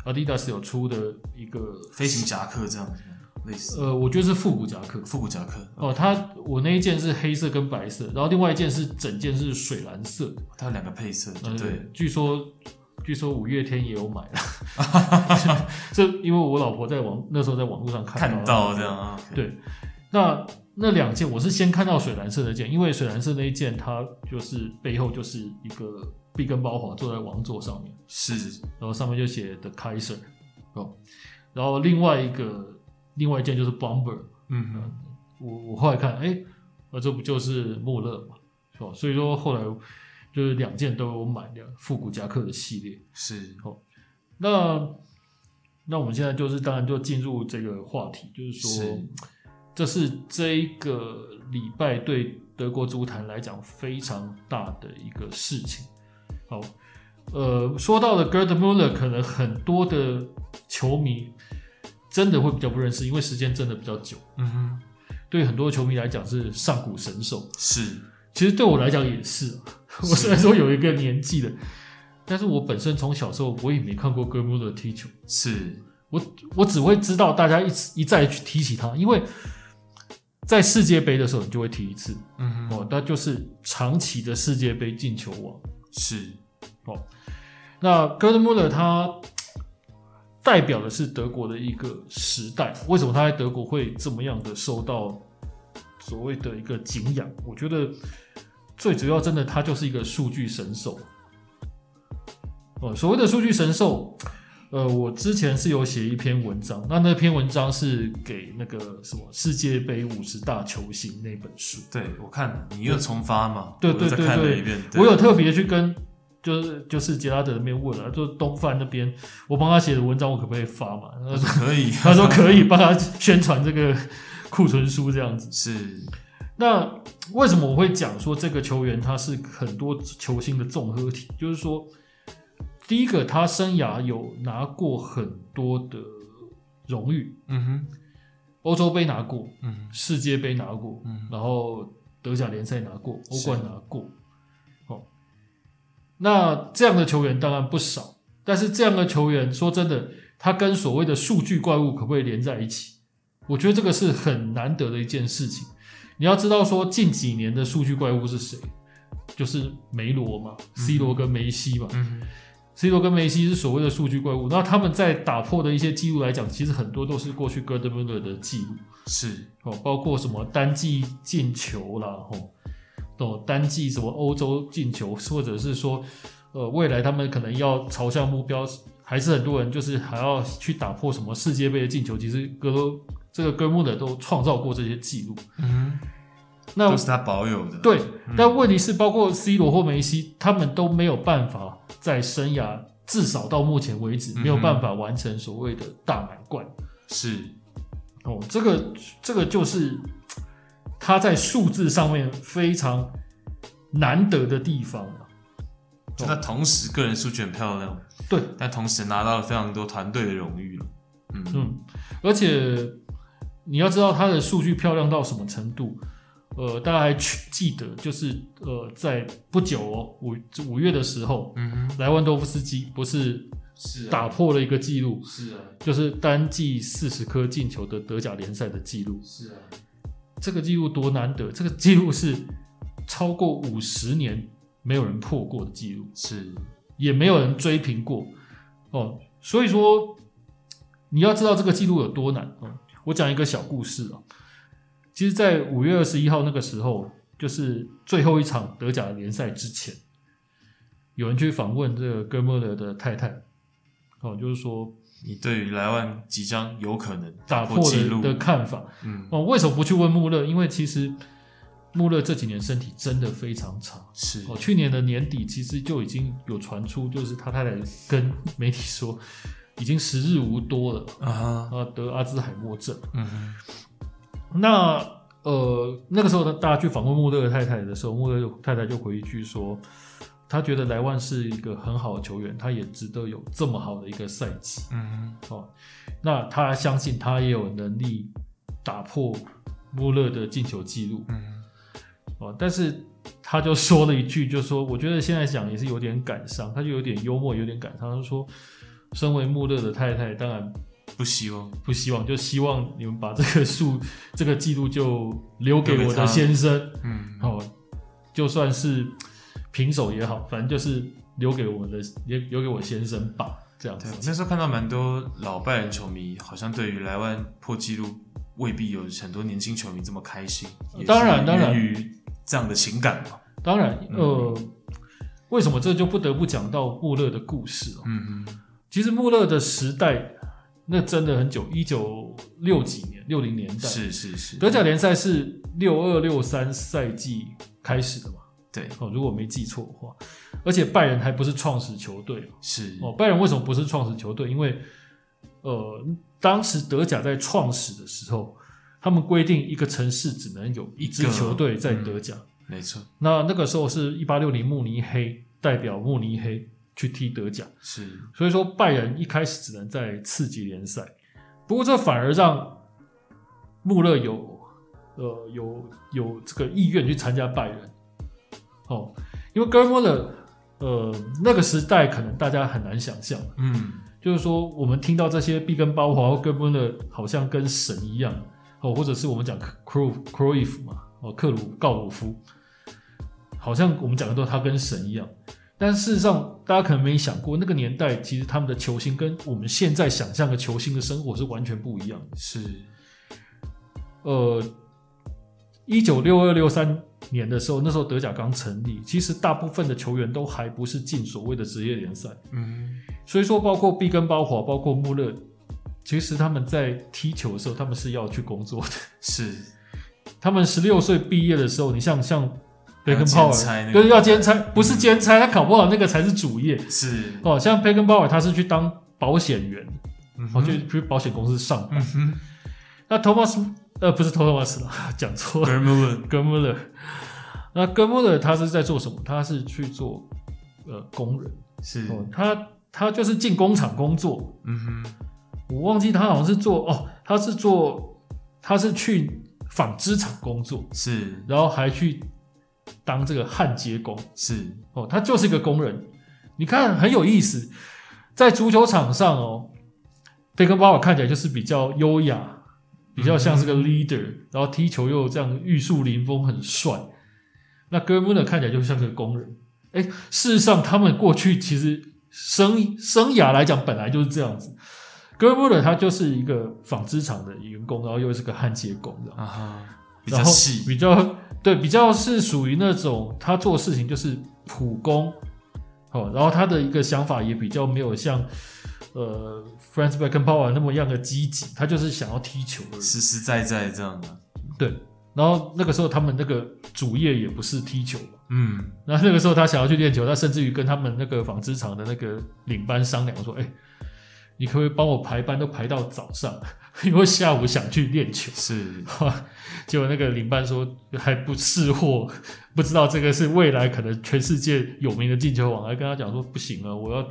阿迪達斯有出的一個飛行夾克這樣子。類似呃，我覺得是復古夾克，復古夾克。哦，okay. 它我那一件是黑色跟白色，然後另外一件是整件是水藍色，它有兩個配色對。對、呃，據說據說五月天也有買了， 這因為我老婆在網那時候在網絡上看到的啊。Okay. 對，那那兩件我是先看到水藍色的件，因為水藍色那一件它就是背後就是一個碧根鮑華坐在王座上面，是，然後上面就寫的 Kaiser 哦、oh.，然後另外一個。另外一件就是 Bomber，嗯哼，嗯我我後來看，哎、欸，啊，這不就是穆勒嘛，是吧？所以說，後來就是兩件都有買的復古夾克的系列、嗯、是哦，那那我們現在就是當然就進入這個話題，就是說，是這是這一個禮拜對德國足壇來講非常大的一個事情。好，呃，說到了哥德穆勒，可能很多的球迷，真的會比較不認識，因為時間真的比較久。嗯哼，對很多球迷來講是上古神獸，是。其實對我來講也是啊，是，我雖然說有一個年紀的，但是我本身從小時候我也沒看過哥登穆勒踢球。是我，我只會知道大家一一再去提起他，因為在世界盃的時候你就會提一次。嗯哼，哦，那就是長期的世界盃進球王。是，哦，那哥登穆勒他，代表的是德國的一個時代，為什麼他在德國會這麼樣的受到所謂的一個敬仰？我覺得最主要，真的他就是一個數據神獸哦，嗯，所謂的數據神獸，呃，我之前是有寫一篇文章，那那篇文章是給那個什麼世界杯五十大球星那本書。對，我看你又重發嘛？對對，對，對，對，我再看了一遍，對。我有特別去跟。就是就是傑拉德那邊問了、啊，就東藩那邊，我幫他寫的文章，我可不可以發嘛？他說可以、啊，他說可以幫他宣傳這個庫存書這樣子。是，那為什麼我會講說這個球員他是很多球星的綜合體？就是說，第一個他生涯有拿過很多的榮譽，嗯哼，歐洲盃拿過，嗯，世界盃拿過，嗯，然後德甲聯賽拿過，歐冠拿過。那這樣的球員當然不少，但是這樣的球員，說真的，他跟所謂的數據怪物可不可以連在一起？我覺得這個是很難得的一件事情。你要知道，說近幾年的數據怪物是誰，就是梅羅嘛，C 羅跟梅西嘛。嗯，嗯。C 羅跟梅西是所謂的數據怪物，那他們在打破的一些記錄來講，其實很多都是過去哥德 d m 的記錄。是哦，包括什麼單季進球啦，吼。哦，單季什麼歐洲進球，或者是說，呃，未來他們可能要朝向目標，還是很多人就是還要去打破什麼世界杯的進球？其實哥都這個 Gerd Müller 都創造過這些記錄，嗯，那都是他保有的對、嗯。但問題是，包括 C 羅或梅西、嗯，他們都沒有辦法在生涯至少到目前為止、嗯、沒有辦法完成所謂的大滿貫。是哦，這個這個就是。他在數字上面非常難得的地方、啊，那同時個人數據很漂亮、哦，對，但同時拿到了非常多團隊的榮譽，嗯，嗯，而且你要知道他的數據漂亮到什麼程度，呃，大家還記得，就是、呃、在不久五、哦、五月的時候，萊、嗯、萬多夫斯基不是打破了一個記錄，是、啊是啊，就是單季四十顆進球的德甲聯賽的記錄，是、啊這個記錄多難得，這個記錄是超過五十年沒有人破過的記錄，是，也沒有人追平過，哦，所以說你要知道這個記錄有多難哦。我講一個小故事啊、哦，其實，在五月二十一號那個時候，就是最後一場德甲聯賽之前，有人去訪問這個哥莫勒的太太，哦，就是說。你對於萊萬即將有可能打破紀錄的看法？嗯，我、哦、為什麼不去問穆勒？因為其實穆勒這幾年身體真的非常差。是、哦，去年的年底其實就已經有傳出，就是他太太跟媒體說已經時日無多了啊，他、uh -huh. 得阿茲海默症。嗯、uh -huh. 那呃，那個時候呢，大家去訪問穆勒的太太的時候，穆勒太太就回一句說。他覺得萊萬是一個很好的球員，他也值得有這麼好的一個賽季。嗯，哦，那他相信他也有能力打破穆勒的進球記錄。嗯、哦，但是他就說了一句，就是說我覺得現在想也是有點感傷，他就有點幽默，有點感傷，他說：“身為穆勒的太太，當然不希望，不希望，就希望你們把這個數、這個記錄就留給我的先生。”嗯、哦，就算是。平手也好，反正就是留給我的，也留給我先生吧。這樣子，那時候看到蠻多老拜仁球迷，好像對於萊萬破紀錄，未必有很多年輕球迷這麼開心。當然，當然，對於這樣的情感嘛。當然，呃，嗯、為什麼這就不得不講到穆勒的故事啊、哦？嗯嗯，其實穆勒的時代那真的很久，一九六幾年、六、嗯、零年代，是是是，德甲聯賽是六二六三賽季開始的嘛。對哦，如果沒記錯的話，而且拜仁還不是創始球隊。是哦，拜仁為什麼不是創始球隊？因為呃，當時德甲在創始的時候，他們規定一個城市只能有一支球隊在德甲，嗯。沒錯，那那個時候是一八六零慕尼黑代表慕尼黑去踢德甲。是，所以說拜仁一開始只能在次級聯賽。不過這反而讓穆勒有呃有有這個意願去參加拜仁。嗯哦，因為哥 o r 的，呃，那個時代可能大家很難想象，嗯，就是說我們聽到這些畢根包華哥 o r 的好像跟神一樣，哦，或者是我們講克 r 克魯 r e 嘛，哦，克魯高魯夫，好像我們講的都他跟神一樣，但事實上大家可能沒想過，那個年代其實他們的球星跟我們現在想象的球星的生活是完全不一樣的，是，呃，一九六二六三。年的時候，那時候德甲剛成立，其實大部分的球員都還不是進所謂的職業聯賽。嗯，所以說包括碧根包華，包括穆勒，其實他們在踢球的時候，他們是要去工作的。是，他們十六歲畢業的時候，你像像培根鮑爾，就是要兼差，不是兼差、嗯，他考不好那個才是主業。是哦，像培根鮑爾他是去當保險員，跑、嗯、去去保險公司上班。嗯、哼，那托馬斯。呃，不是托托馬斯了，講錯了。哥穆勒，哥穆勒。那哥穆勒他是在做什麼？他是去做呃工人，是，哦，他他就是進工廠工作。嗯哼，我忘記他好像是做哦，他是做他是去紡織廠工作，是，然後還去當這個焊接工，是。哦，他就是一個工人，你看很有意思，在足球場上哦，嗯，貝肯鮑爾看起來就是比較優雅。比較像是個 leader，然後踢球，又這樣玉樹臨風，很帥，那 Gerd Müller 看起來就像個工人，哎、欸，事實上他們過去其實生生涯來講本來就是這樣子，Gerd Müller 他就是一個紡織廠的員工，然後又是個焊接工，然後啊比較細，比較對，比較是屬於那種他做事情就是普工，哦，然後他的一個想法也比較沒有像。呃 Franz Beckenbauer 那麼樣的積極，他就是想要踢球。實實在在在這樣的。對。然後那個時候他們那個主業也不是踢球。嗯。那那個時候他想要去練球，他甚至於跟他們那個紡織廠的那個領班商量說：“哎，你可不可以幫我排班都排到早上？因為下午想去練球。”是。結果那個領班說：“還不識貨，不知道這個是未來可能全世界有名的進球王，還跟他講說不行啊，我要。”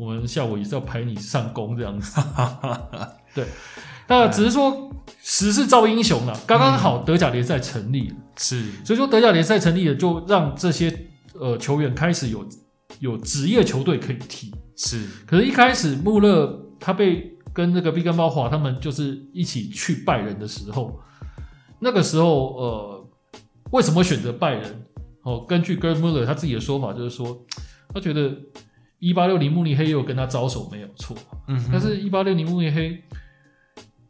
我們下午也是要排你上工這樣子， 對。那只是說時勢造英雄剛剛了，剛剛好德甲聯賽成立，是。所以說德甲聯賽成立了，就讓這些呃球員開始有有職業球隊可以踢，是。可是一開始穆勒他被跟那個畢根鮑華他們就是一起去拜仁的時候，那個時候呃，為什麼選擇拜仁？哦，根據 Gerd Müller 他自己的說法，就是說他覺得。一八六零慕尼黑也有跟他招手，沒有錯。嗯，但是一八六零慕尼黑，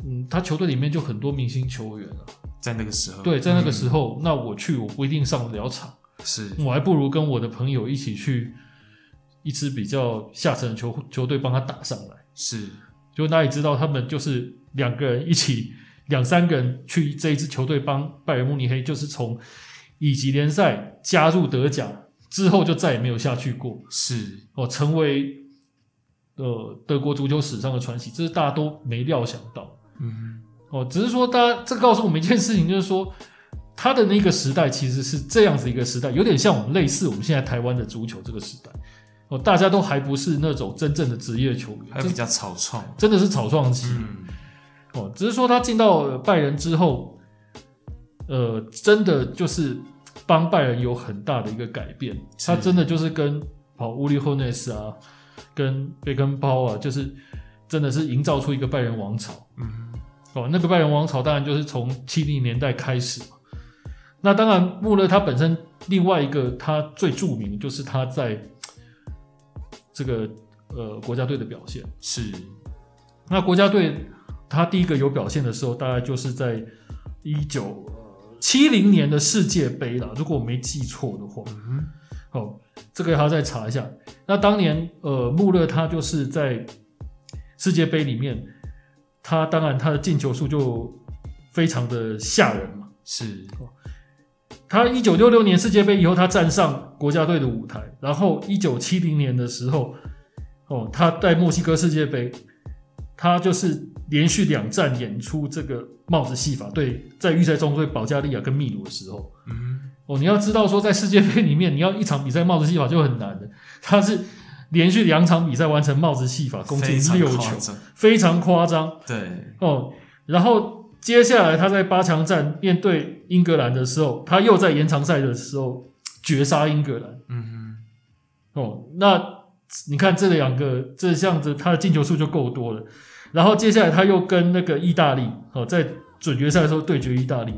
嗯，他球隊裡面就很多明星球員了，啊，在那個時候，對，在那個時候，嗯、那我去我不一定上得了場，是我還不如跟我的朋友一起去一支比較下層的球球隊幫他打上來，是，就哪裡知道他們就是兩個人一起兩三個人去這一支球隊幫拜仁慕尼黑，就是從乙級聯賽加入德甲。之後就再也沒有下去過。是哦，成為呃德國足球史上的傳奇，這是大家都沒料想到。嗯，哦、呃，只是說大家這告訴我們一件事情，就是說他的那個時代其實是這樣子一個時代，有點像我們類似我們現在台灣的足球這個時代。哦、呃，大家都還不是那種真正的職業球員，還比較草創，真的是草創期。哦、嗯呃，只是說他進到拜仁之後，呃，真的就是。幫拜仁有很大的一個改變，他真的就是跟哦烏利霍內斯啊，跟貝根鮑啊，就是真的是營造出一個拜仁王朝。嗯，哦，那個拜仁王朝當然就是從七零年代開始嘛。那當然穆勒他本身另外一個他最著名就是他在這個呃國家隊的表現。是。那國家隊他第一個有表現的時候，大概就是在一九。七零年的世界盃啦，如果我沒記錯的話，嗯，好、哦，這個還要再查一下。那當年，呃，穆勒他就是在世界盃裡面，他當然他的進球數就非常的嚇人嘛。是，哦、他一九六六年世界盃以後，他站上國家隊的舞台，然後一九七零年的時候，哦，他在墨西哥世界盃，他就是連續兩站演出這個。帽子戲法對，在預賽中對保加利亞跟秘魯的時候，嗯，哦，你要知道說，在世界杯裡面，你要一場比賽帽子戲法就很難的。他是連續兩場比賽完成帽子戲法，攻進六球，非常誇張，非常誇張，嗯。對，哦，然後接下來他在八強戰面對英格蘭的時候，他又在延長賽的時候絕殺英格蘭。嗯哼，哦，那你看這兩個，這樣子他的進球數就夠多了。然後接下來他又跟那個意大利，好、哦，在準決賽的時候對決意大利。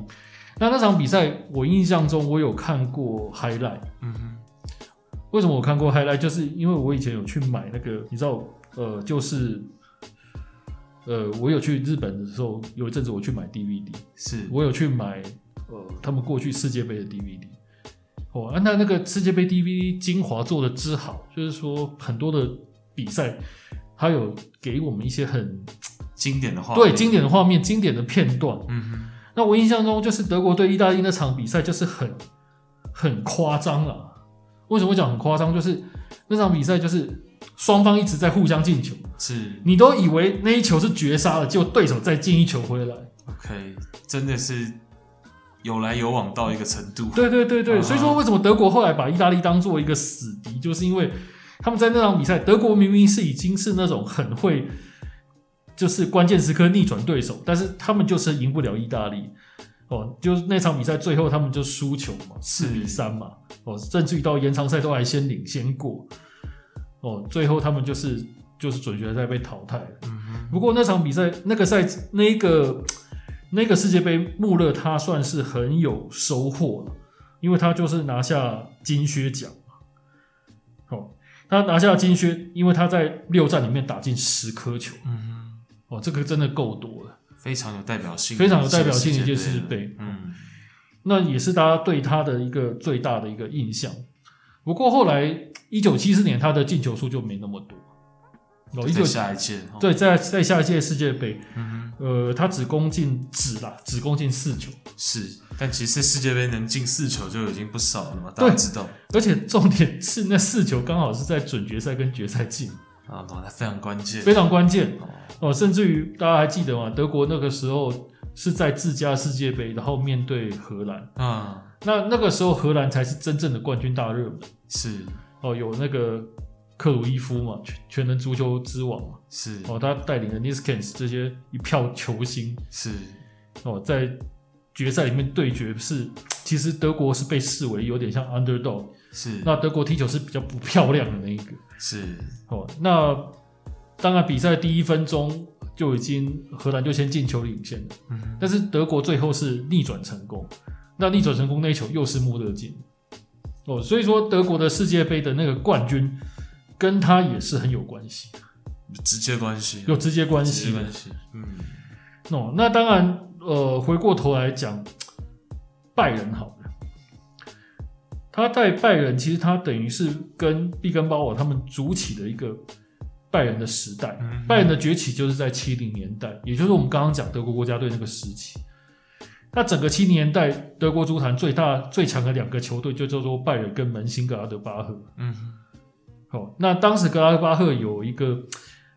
那那場比賽，我印象中我有看過 highlight。嗯哼。為什麼我看過 highlight？就是因為我以前有去買那個，你知道，呃，就是，呃，我有去日本的時候，有一陣子我去買 DVD，是我有去買、呃，他們過去世界杯的 DVD。哦，那那個世界杯 DVD 精華做得之好，就是說很多的比賽。他有給我們一些很經典的畫面，對經典的畫面、經典的片段。嗯哼，那我印象中就是德國對意大利那場比賽就是很很誇張了。為什麼會講很誇張？就是那場比賽就是雙方一直在互相進球，是你都以為那一球是絕殺了，結果對手再進一球回來。OK，真的是有來有往到一個程度。對對對對，uh-huh、所以說為什麼德國後來把意大利當做一個死敵，就是因為。他們在那場比賽，德國明明是已經是那種很會，就是關鍵時刻逆轉對手，但是他們就是贏不了意大利。哦，就是那場比賽最後他們就輸球嘛，四比三嘛。哦，甚至於到延長賽都還先領先過。哦，最後他們就是就是準決賽被淘汰了。嗯嗯。不過那場比賽那個賽那個那個世界杯，穆勒他算是很有收穫了，因為他就是拿下金靴獎。他拿下金靴，因為他在六戰裡面打進十顆球。嗯哼，哦，這個真的夠多了，非常有代表性，非常有代表性的一件事，對嗯，嗯，那也是大家對他的一個最大的一個印象。不過後來一九七四年，他的進球數就沒那麼多。在下一屆、哦、對，在下、哦、對在下一屆世界杯、嗯，呃，他只攻進只啦，只攻進四球。是，但其實在世界杯能進四球就已經不少了嘛？大家知道。而且重點是那四球剛好是在準決賽跟決賽進。啊、哦，那非常關鍵，非常關鍵、哦。哦，甚至於大家還記得嗎？德國那個時候是在自家世界杯，然後面對荷蘭啊、嗯，那那個時候荷蘭才是真正的冠軍大熱門。是，哦，有那個。克魯伊夫嘛，全能足球之王嘛，是哦，他帶領了 Neeskens 這些一票球星是哦，在決賽裡面對決是，其實德國是被視為有點像 Underdog，是那德國踢球是比較不漂亮的那一個，是哦，那當然比賽第一分鐘就已經荷蘭就先進球領先了，嗯哼，但是德國最後是逆轉成功，那逆轉成功那一球又是穆勒進，哦，所以說德國的世界杯的那個冠軍。跟他也是很有關係，直接關係有直接關係，關係。嗯，no, 那當然，呃，回過頭來講拜仁，好了，他在拜仁，其實他等於是跟碧根鮑爾他們組起的一個拜仁的時代，嗯、拜仁的崛起就是在七零年代，也就是我們剛剛講德國國家隊那個時期。嗯、那整個七零年代，德國足壇最大最強的兩個球隊，就叫做拜仁跟門興格阿德巴赫。嗯。哦、那當時格拉夫巴赫有一個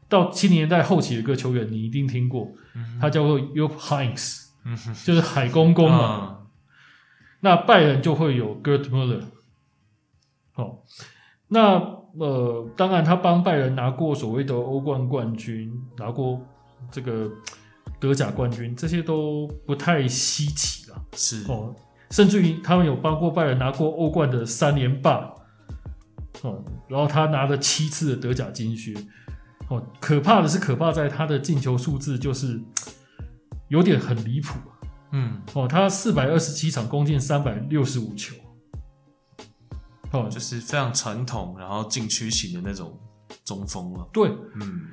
到七零年代後期的一個球員，你一定聽過，嗯、他叫做 y、yup、o e Hinz，、嗯、就是海公公嘛、嗯。那拜仁就會有 Gerd Muller、哦。好，那呃，當然他幫拜仁拿過所謂的歐冠冠軍，拿過這個德甲冠軍，這些都不太稀奇了。是哦，甚至於他們有幫過拜仁拿過歐冠的三連霸。哦，然後他拿了七次的德甲金靴。哦，可怕的是，可怕在他的進球數字就是有點很離譜，啊。嗯，哦，他四百二十七場攻進三百六十五球。哦，就是非常傳統，然後禁區型的那種中鋒了，啊。對，嗯。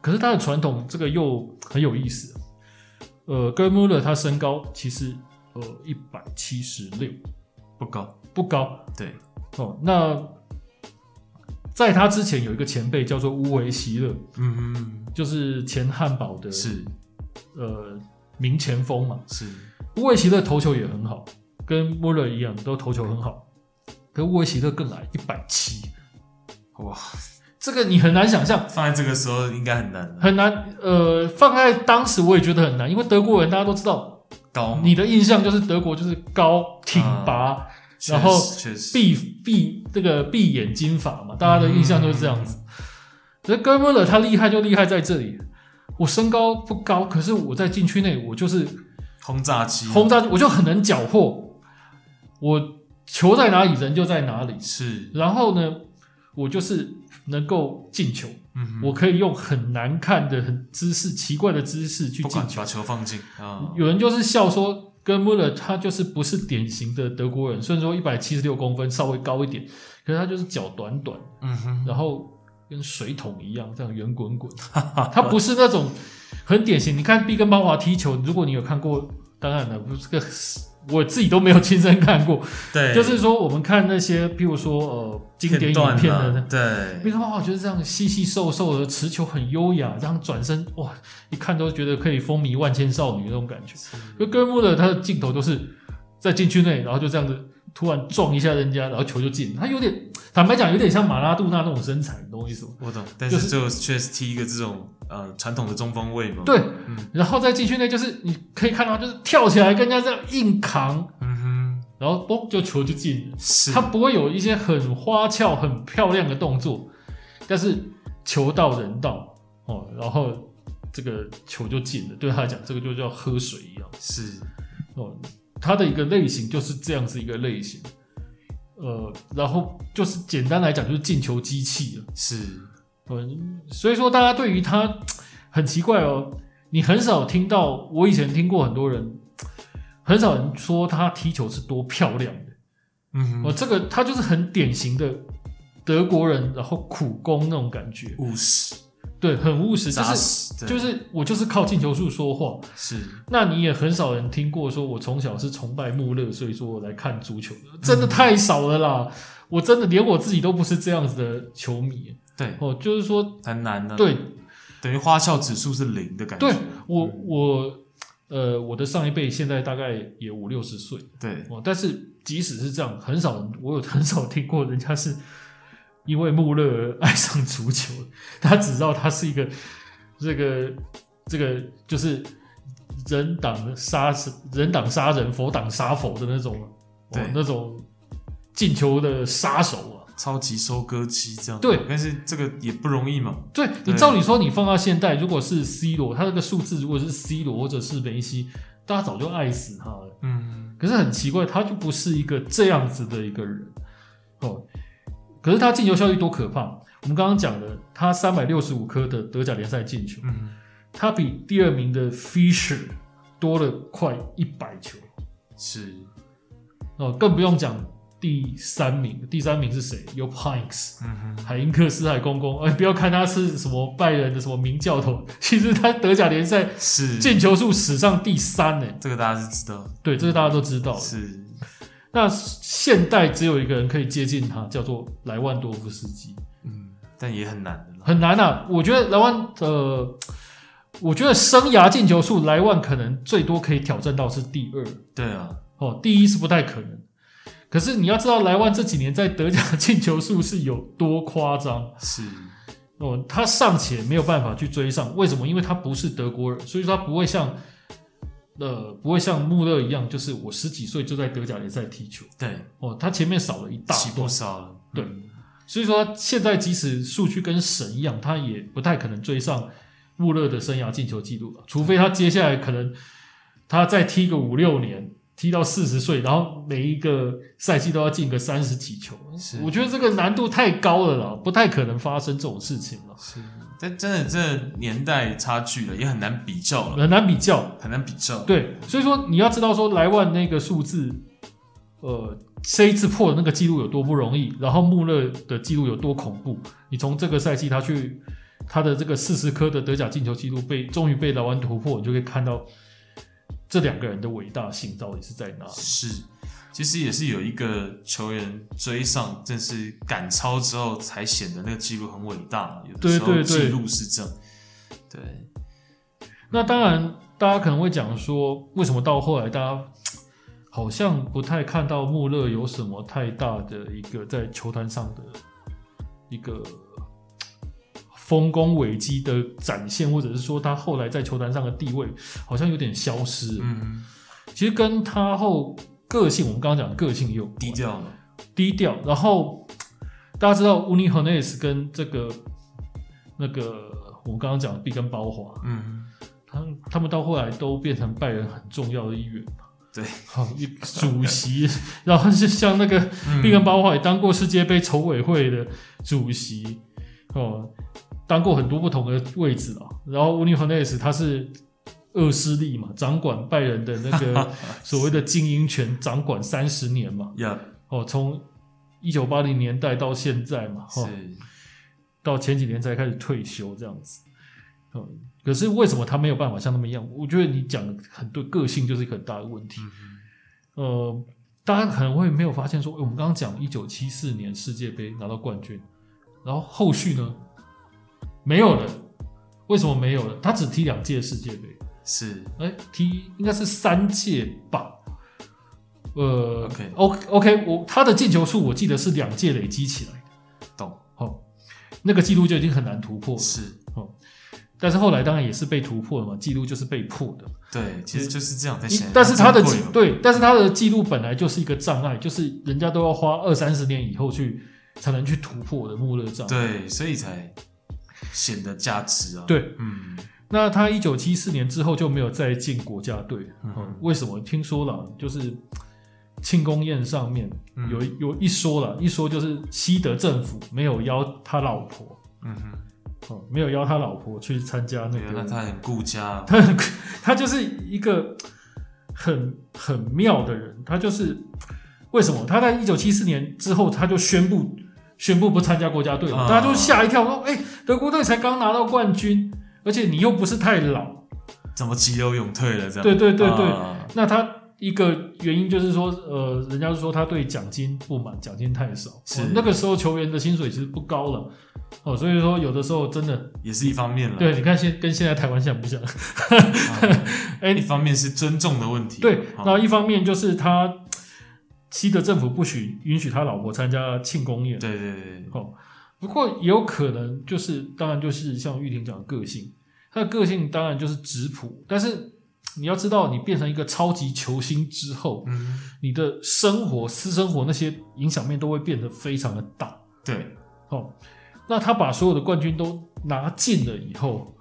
可是他的傳統這個又很有意思，啊。呃，格穆勒他身高其實呃一百七十六，176，不高，不高。對，哦，那。在他之前有一個前輩叫做烏維席勒，嗯哼，就是前漢堡的，是呃名前鋒嘛，是烏維席勒頭球也很好，跟穆勒一樣都頭球很好，okay. 可是烏維席勒更矮，一百七，哇，這個你很難想象。放在這個時候應該很難，很難。呃，放在當時我也覺得很難，因為德國人大家都知道高，你的印象就是德國就是高挺拔。嗯然後閉閉這個閉眼金法嘛，大家的印象就是這樣子。這 Gerd Müller 他厲害就厲害在這裡，我身高不高，可是我在禁區內，我就是轟炸機轟炸，我就很能繳獲。我球在哪裡，人就在哪裡。是，然後呢，我就是能夠進球。嗯哼，我可以用很難看的姿勢、奇怪的姿勢去進球，把球放進。啊、嗯，有人就是笑說。跟穆勒他就是不是典型的德國人，雖然說一百七十六公分稍微高一點，可是他就是腳短短，嗯、哼哼然後跟水桶一樣這樣圓滾滾，哈哈，他不是那種很典型。你看碧根鮑華踢球，如果你有看過，當然了，不是個。我自己都沒有親身看過，對，就是說我們看那些，譬如說呃，經典影片的，片段了，對，為什麼哇？我覺得這樣細細瘦瘦的持球很優雅，這樣轉身哇，一看都覺得可以風靡萬千少女那種感覺。而 Gerd Müller 的他的鏡頭都是在禁區內，然後就這樣子。突然撞一下人家，然後球就進。他有點坦白講，有點像馬拉杜納那種身材，懂我意思嗎？我懂。就是、但是就確實踢一個這種呃傳統的中鋒位嘛。對。嗯，然後在禁區內就是你可以看到，就是跳起來跟人家這樣硬扛，嗯哼，然後嘣，就球就進了。是，他不會有一些很花俏、很漂亮的動作，但是球到人到哦、嗯，然後這個球就進了。對他來講，這個就叫喝水一樣。是，哦、嗯。他的一個類型就是這樣子一個類型，呃，然後就是簡單來講就是進球機器了、啊，是，嗯，所以說大家對於他很奇怪哦，你很少聽到，我以前聽過很多人，很少人說他踢球是多漂亮的，嗯哼，哦，這個他就是很典型的德國人，然後苦工那種感覺，嗯對，很務實，紮實，就是就是我就是靠進球數說話。是，那你也很少人聽過，說我從小是崇拜穆勒，所以說我來看足球的，真的太少了啦、嗯。我真的連我自己都不是這樣子的球迷。對，哦，就是說很難呢。對，等於花哨指數是零的感覺。對，我我呃，我的上一輩現在大概也五六十歲。對、哦，但是即使是這樣，很少人我有很少聽過人家是。因為穆勒愛上足球，他只知道他是一個這個這個就是人擋殺人，人擋殺人，佛擋殺佛的那種，那種進球的殺手啊，超級收割機這樣。對，但是這個也不容易嘛。對，對你照理說，你放到現代，如果是 C 羅，他這個數字如果是 C 羅或者是梅西，大家早就愛死他了。嗯，可是很奇怪，他就不是一個這樣子的一個人哦。可是他進球效率多可怕！我們剛剛講了他365的，他三百六十五顆的德甲聯賽進球，他比第二名的 Fischer 多了快一百球。是哦，更不用講第三名，第三名是誰？Your Pikes、嗯、海因克斯海公公。哎、呃，不要看他是什麼拜仁的什麼名教頭，其實他德甲聯賽是進球數史上第三、欸。呢，這個大家是知道，對，這個大家都知道。是。那現代只有一個人可以接近他，叫做萊萬多夫斯基。嗯，但也很難的，很難啊！我覺得萊萬的、呃，我覺得生涯進球數萊萬可能最多可以挑戰到是第二。對啊，哦，第一是不太可能。可是你要知道，萊萬這幾年在德甲進球數是有多誇張？是哦，他尚且沒有辦法去追上，為什麼？因為他不是德國人，所以說他不會像。呃，不會像穆勒一樣，就是我十幾歲就在德甲聯賽踢球。對，哦，他前面少了一大，起步少了、嗯？對，所以說他現在即使數據跟神一樣，他也不太可能追上穆勒的生涯進球記錄了。除非他接下來可能他再踢個五六年，踢到四十歲，然後每一個賽季都要進個三十幾球。是。我覺得這個難度太高了啦，不太可能發生這種事情了。是。但真的，這年代差距了，也很難比較了，很難比較，很難比較。比較，對，所以說你要知道，說萊萬那個數字，呃，這一次破的那個記錄有多不容易，然後穆勒的記錄有多恐怖。你從這個賽季他去他的這個四十顆的德甲進球記錄被終於被萊萬突破，你就可以看到這兩個人的偉大性到底是在哪裡。是。其實也是有一個球員追上，正是趕超之後才顯得那個記錄很偉大，有的時候記錄是這樣，對，對，對，對。那當然，嗯、大家可能會講說，為什麼到後來大家好像不太看到穆勒有什麼太大的一個在球壇上的一個豐功偉績的展現，或者是說他後來在球壇上的地位好像有點消失？嗯，其實跟他後。個性，我們剛剛講的個性有低調的，低調。然後大家知道烏尼赫內斯跟這個那個，我們剛剛講的畢根包華，嗯，他他們到後來都變成拜仁很重要的員一員。對，主席， 然後是像那個畢、嗯、根包華也當過世界杯籌委會的主席，哦，當過很多不同的位置啊。然後烏尼赫內斯他是。厄斯利嘛，掌管拜仁的那個 所謂的經營權，掌管三十年嘛，yeah. 哦，從一九八零年代到現在嘛，哦、是到前幾年才開始退休這樣子。嗯、可是為什麼他沒有辦法像他們一樣？我覺得你講的很對，個性就是一個很大的問題。呃，大家可能會沒有發現說，欸、我們剛剛講一九七四年世界杯拿到冠軍，然後後續呢沒有了？為什麼沒有了？他只踢兩屆世界杯。是，哎、欸、，t 應該是三屆吧，呃，OK，OK，我他的進球數我記得是兩屆累積起來的，懂？哦，那個記錄就已經很難突破了，是哦。但是後來當然也是被突破了嘛，記錄就是被破的。對，其實就是這樣在，但是他的對，但是他的記錄本來就是一個障礙，就是人家都要花二三十年以後去才能去突破的穆勒障礙。對，所以才顯得價值啊。對，嗯。那他一九七四年之後就沒有再進國家隊，嗯，為什麼？聽說了，就是慶功宴上面有、嗯、有一說了一說，就是西德政府沒有邀他老婆，嗯哼，嗯，沒有邀他老婆去參加那個、嗯，他很顧家，他他就是一個很很妙的人，他就是為什麼？他在一九七四年之後他就宣布宣布不參加國家隊了、嗯，大家都嚇一跳，說，哎、欸，德國隊才剛拿到冠軍。而且你又不是太老，怎麼急流勇退了？這樣對對對對、啊，那他一個原因就是說，呃，人家說他對獎金不滿，獎金太少。是、哦、那個時候球員的薪水其實不高了，哦，所以說有的時候真的也是一方面了。對，你看現跟現在台灣像不像？哎、啊， 一方面是尊重的問題，對，那、啊、一方面就是他西德政府不許允許他老婆參加慶功宴。對對對對，哦。不過也有可能就是，當然就是像玉婷講的個性，他的個性當然就是質樸。但是你要知道，你變成一個超級球星之後、嗯，你的生活、私生活那些影響面都會變得非常的大。對，對，哦。那他把所有的冠軍都拿進了以後，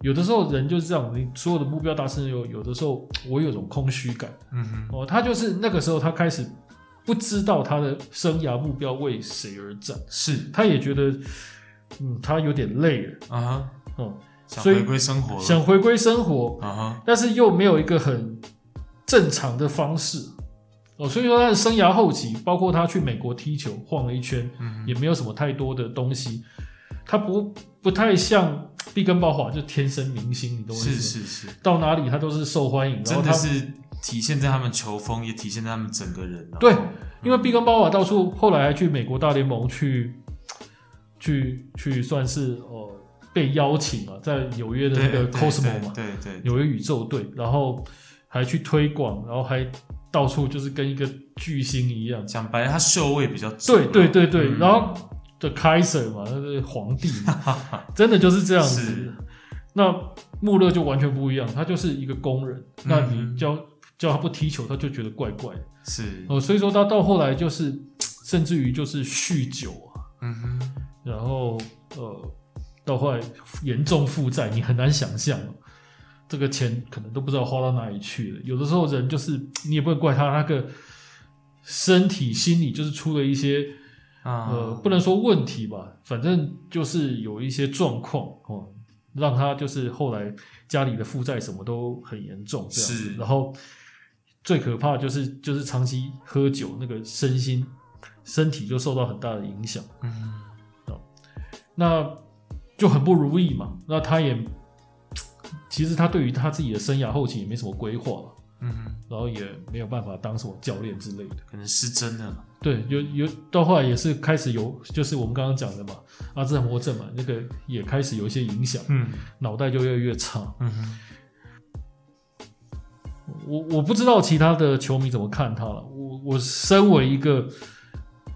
有的時候人就是這樣，你所有的目標達成有，有的時候我有種空虛感。嗯哼，哦，他就是那個時候他開始。不知道他的生涯目標為誰而戰，是他也覺得，嗯，他有點累了啊、uh -huh. 嗯，想回歸生,生活，想回歸生活啊，但是又沒有一個很正常的方式哦，所以說他的生涯後期，包括他去美國踢球晃了一圈，uh -huh. 也沒有什麼太多的東西，他不不太像碧根鮑華，就天生明星，你懂我意思，是是是，到哪裡他都是受歡迎，真的是。體現在他們球風，也體現在他們整個人、啊。對，嗯、因為畢根包瓦到處後來還去美國大聯盟去，去去算是哦、呃，被邀請嘛，在紐約的那個 Cosmo 嘛，對對，對，紐約宇宙隊，然後還去推廣，然後還到處就是跟一個巨星一樣。講白，他嗅味比較重，對對對對，嗯、然後的 Kaiser 嘛，那、就是皇帝嘛， 真的就是這樣子。那穆勒就完全不一樣，他就是一個工人。嗯嗯那你叫。叫他不踢球，他就覺得怪怪的，是哦、呃，所以說他到後來就是，甚至於就是酗酒啊，嗯哼、然後呃，到後來嚴重負債，你很難想象啊，這個錢可能都不知道花到哪裡去了。有的時候人就是你也不會怪他那個身體、心理就是出了一些、啊、呃，不能說問題吧，反正就是有一些狀況哦，讓他就是後來家裡的負債什麼都很嚴重這樣子，是然後。最可怕就是就是長期喝酒，那個身心身體就受到很大的影響，嗯，哦，那就很不如意嘛。那他也其實他對於他自己的生涯後期也沒什麼規劃了，嗯哼，然後也沒有辦法當什麼教練之類的，可能是真的。對，有有到後來也是開始有，就是我們剛剛講的嘛，阿茲海默症嘛，那個也開始有一些影響，嗯，腦袋就越來越差，嗯哼。我我不知道其他的球迷怎麼看他了。我我身為一個，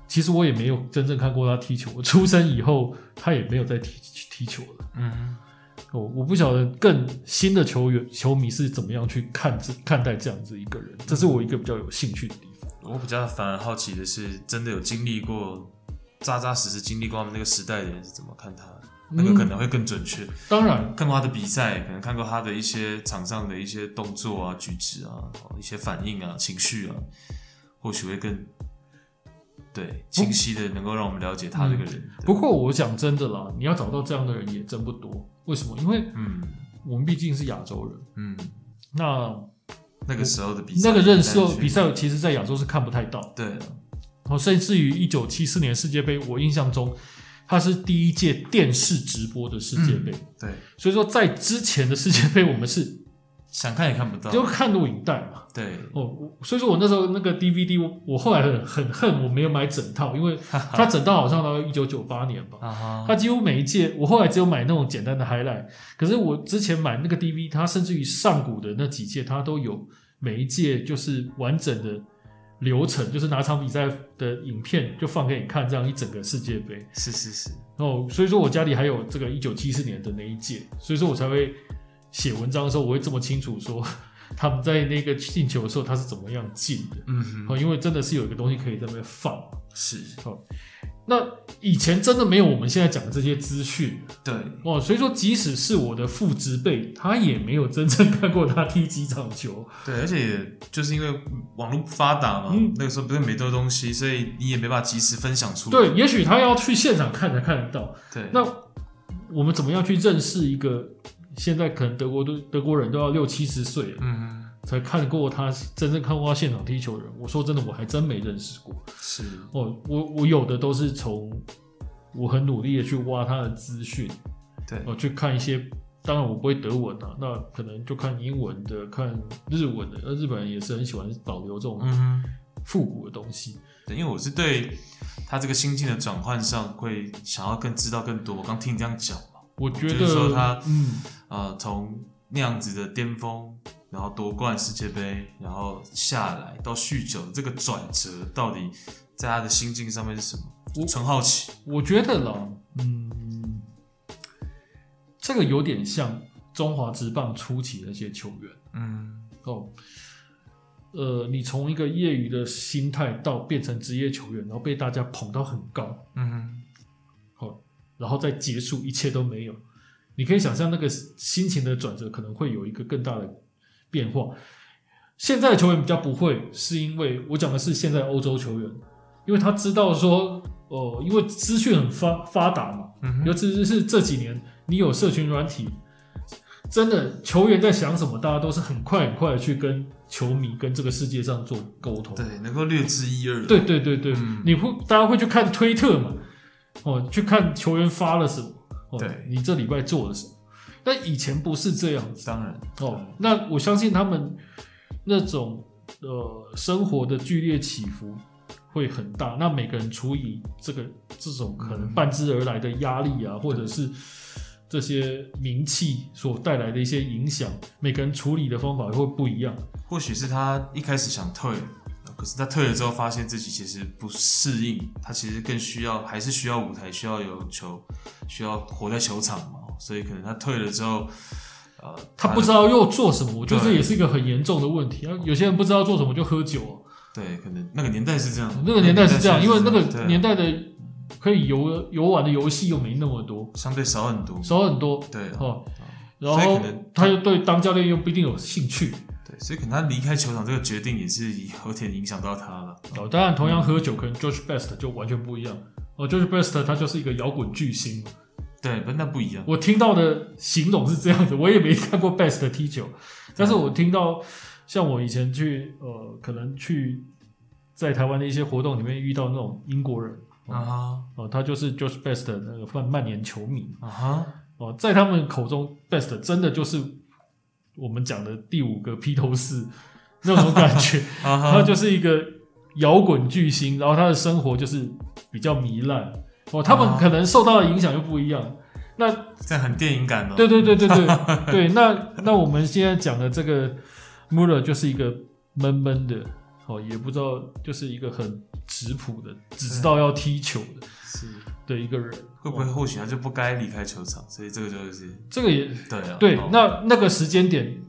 其實我也沒有真正看過他踢球。我出生以後，他也沒有再踢踢球了。嗯，我我不曉得更新的球員球迷是怎麼樣去看這看待這樣子一個人，這是我一個比較有興趣的地方。嗯。我比較反而好奇的是，真的有經歷過扎扎實實經歷過他們那個時代的人是怎麼看他。那個可能會更準確，嗯，當然，看過他的比賽，可能看過他的一些場上的一些動作啊、舉止啊、一些反應啊、情緒啊，或許會更對清晰的，能夠讓我們了解他這個人。嗯、不過，我講真的啦，你要找到這樣的人也真不多。為什麼？因為嗯，我們畢竟是亞洲人，嗯，那那個時候的比賽，那個那時比賽，其實，在亞洲是看不太到。對，然後、哦，甚至於一九七四年世界杯，我印象中。它是第一屆電視直播的世界杯。嗯，對，所以說在之前的世界杯，我們是想看也看不到，就看錄影帶嘛。對，哦，所以說我那時候那個 DVD，我後來很很恨我沒有買整套，因為它整套好像到一九九八年吧， 它幾乎每一屆，我後來只有買那種簡單的 highlight。可是我之前買那個 DVD，它甚至於上古的那幾屆，它都有每一屆就是完整的。流程，就是那場比賽的影片就放給你看。這樣一整個世界杯是、是、是哦，所以說我家裡還有這個一九七四年的那一屆，所以說我才會寫文章的時候，我會這麼清楚說他們在那個進球的時候他是怎麼樣進的，嗯哼，哦，因為真的是有一個東西可以在那邊放，是，是哦。那以前真的沒有我們現在講的這些資訊，對哦，所以說即使是我的父執輩，他也沒有真正看過他踢幾場球，對，而且也就是因為網絡不發達嘛，嗯，那個時候不是沒多東西，所以你也沒辦法及時分享出來，對，也許他要去現場看才看得到，對，那我們怎麼樣去認識一個現在可能德國都德國人都要六七十歲了，嗯。才看過他真正看過他現場踢球的人，我說真的，我還真沒認識過。是哦，我我有的都是從我很努力的去挖他的資訊，對，我、哦、去看一些。當然我不會德文啊，那可能就看英文的，看日文的。那日本人也是很喜歡保留這種復古的東西，嗯。因為我是對他這個心境的轉換上，會想要更知道更多。我剛聽你這樣講嘛，我覺得、就是、說他嗯從、呃、那樣子的巔峰。然後奪冠世界杯，然後下來到酗酒，這個轉折，到底在他的心境上面是什麼？我很好奇。我覺得啦，嗯，這個有點像中華職棒初期的一些球員，嗯，哦，呃，你從一個業餘的心態到變成職業球員，然後被大家捧到很高，嗯哼，好、哦，然後再結束，一切都沒有。你可以想象那個心情的轉折，可能會有一個更大的變化，現在的球員比較不會，是因為我講的是現在歐洲球員，因為他知道說，呃，因為資訊很發發達嘛、嗯，尤其是是這幾年，你有社群軟體，真的球員在想什麼，大家都是很快很快的去跟球迷、嗯、跟這個世界上做溝通，對，能夠略知一二，對對對對、嗯，你會，大家會去看推特嘛，哦、呃，去看球員發了什麼，哦、呃，你這禮拜做了什麼。但以前不是這樣子，當然哦當然。那我相信他們那種呃，生活的劇烈起伏會很大。那每個人處理這個這種可能伴之而來的壓力啊、嗯，或者是這些名氣所帶來的一些影響、嗯，每個人處理的方法會不，會不一樣。或許是他一開始想退，可是他退了之後，發現自己其實不適應。他其實更需要，還是需要舞台，需要有球，需要活在球場嘛。所以可能他退了之後，呃，他，他不知道又做什麼，我覺得這也是一個很嚴重的問題。啊，有些人不知道做什麼就喝酒、啊，對，可能那個年代是這樣，那個年代是這樣，那個、這樣，因為那個年代的可以遊遊玩的遊戲又沒那麼多，相對少很多，少很多，對哦，哦，然後他又對當教練又不一定有興趣，對，所以可能他離開球場這個決定也是有點影響到他了。哦，當、哦、然，同樣喝酒、嗯，可能 George Best 就完全不一樣，哦，George Best 他就是一個搖滾巨星。對，那不一樣。我聽到的形容是這樣子，我也沒看過 Best 的踢球，但是我聽到，像我以前去，呃，可能去在台灣的一些活動裡面遇到那種英國人，啊、uh、哦 -huh. 呃，他就是 George Best 那個曼曼聯球迷，啊、uh、哦 -huh. 呃，在他們口中，Best 真的就是我們講的第五個披頭士那種感覺， uh -huh. 他就是一個搖滾巨星，然後他的生活就是比較糜爛。哦，他們可能受到的影響又不一樣。啊、那這樣很電影感哦。對對對對對 對。那那我們現在講的這個穆勒就是一個悶悶的哦，也不知道，就是一個很質樸的，只知道要踢球的，是的一個人。會不會或許他就不該離開球場？所以這個就是這個也對啊。對，哦、那那個時間點，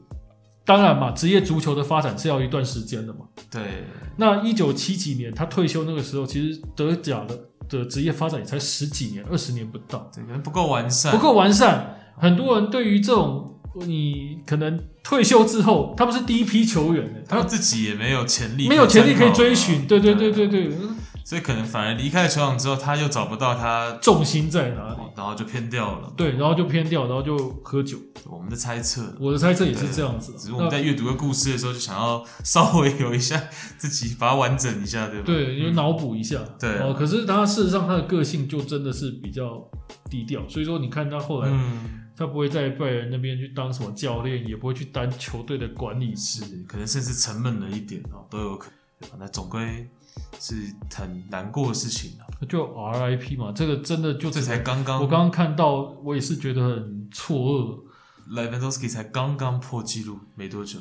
當然嘛，職業足球的發展是要一段時間的嘛。對，那一九七幾年他退休那個時候，其實德甲的。的職業發展也才十幾年，二十年不到，不夠完善，不夠完善。很多人對於這種，你可能退休之後，他不是第一批球員，他、他自己也沒有潛力，沒有潛力可以追尋，哦，對對對對對。嗯。所以可能反而離開球場之後，他又找不到他重心在哪裡，然後就偏掉了。對，然後就偏掉，然後就喝酒。我們的猜測、啊，我的猜測也是這樣子、啊。只是我們在閱讀個故事的時候，就想要稍微有一下自己把它完整一下，對不對？因為腦補一下。嗯、對、啊。哦、喔，可是他事實上他的個性就真的是比較低調，所以說你看他後來、啊嗯，他不會在拜仁那邊去當什麼教練、嗯，也不會去當球隊的管理。是，可能甚至沉悶了一點、喔、都有可能、啊。那總歸。是很難過的事情啊就 R I P 嘛，這個真的就這才剛剛，我剛剛看到，我也是覺得很錯愕。Lewandowski 才剛剛破紀錄沒多久，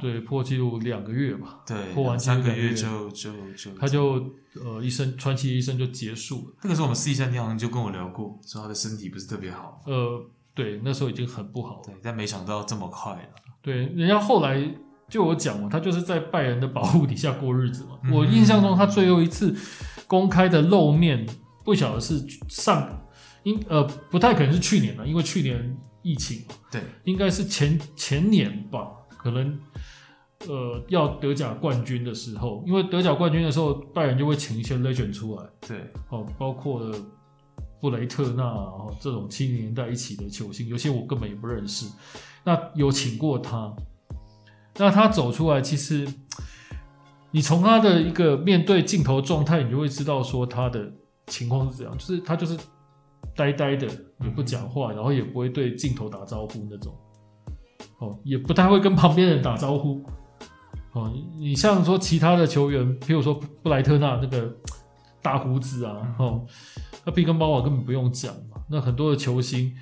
對，破紀錄兩個月吧，對，破完三個月就就就他就呃，一生傳奇一生就結束了。那個時候我們四十三天好像就跟我聊過，說他的身體不是特別好。呃，對，那時候已經很不好，對，但沒想到這麼快的。對，人家後來。就我講嘛，他就是在拜仁的保護底下過日子嘛。我印象中，他最後一次公開的露面，不曉得是上，應呃不太可能是去年了，因為去年疫情嘛。對，應該是前前年吧。可能呃要德甲冠軍的時候，因為德甲冠軍的時候，拜仁就會請一些 legend 出來。對，哦、呃，包括了布雷特納這種七零年代一起的球星，有些我根本也不認識。那有請過他。那他走出來，其實，你從他的一個面對鏡頭狀態，你就會知道說他的情況是這樣。就是他就是呆呆的，也不講話，然後也不會對鏡頭打招呼那種。哦，也不太會跟旁邊人打招呼。哦，你像說其他的球員，譬如說布萊特納那個大鬍子啊，哦、嗯，那畢根堡瓦根本不用講嘛，那很多的球星。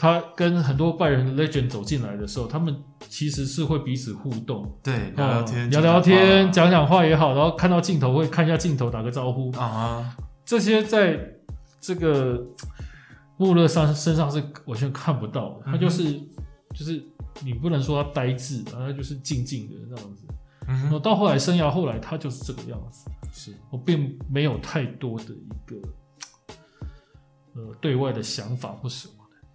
他跟很多拜仁的 legend 走進來的時候，他們其實是會彼此互動，對，聊聊天，聊聊天講講，講講話也好，然後看到鏡頭會看一下鏡頭，打個招呼啊。Uh -huh. 這些在這個穆勒身身上是完全看不到的，uh -huh. 他就是就是你不能說他呆滯，然後他就是靜靜的那樣子。我、uh -huh. 到後來生涯後來他就是這個樣子，uh -huh. 是我並沒有太多的一個呃對外的想法或是。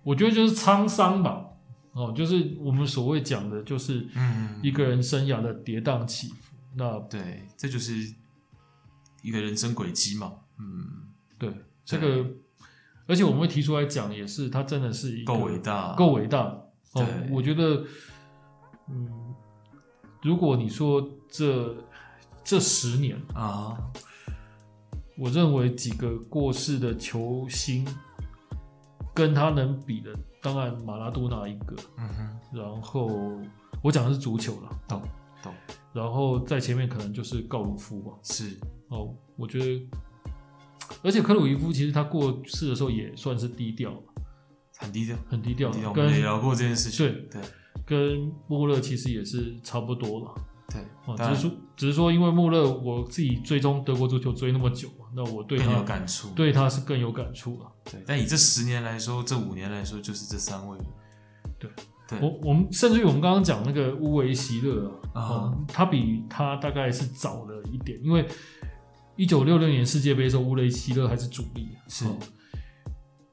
我覺得就是滄桑吧，哦，就是我們所謂講的，就是嗯，一個人生涯的跌宕起伏，嗯。那對，這就是一個人生軌跡嘛。嗯，對，這個，而且我們會提出來講，也是他、嗯、真的是一個夠偉大，夠偉大。哦，我覺得，嗯，如果你說這這十年啊，我認為幾個過世的球星。跟他能比的，當然馬拉多納一個。嗯哼，然後我講的是足球了，懂懂。然後在前面可能就是高魯夫吧。是哦，我覺得，而且克魯伊夫其實他過世的時候也算是低調，很低調，很低調，很低調。跟你聊過這件事情。對對，跟穆勒其實也是差不多了。對，哦，啊，只是說，只是說，因為穆勒我自己追蹤德國足球追那麼久。那我對他有感觸，對他是更有感觸了，啊。對，但以這十年來說，這五年來說，就是這三位對，對，我我們甚至於我們剛剛講那個烏維席勒啊，哦哦，他比他大概是早了一點，因為一九六六年世界盃的時候，烏維席勒還是主力啊。是，哦，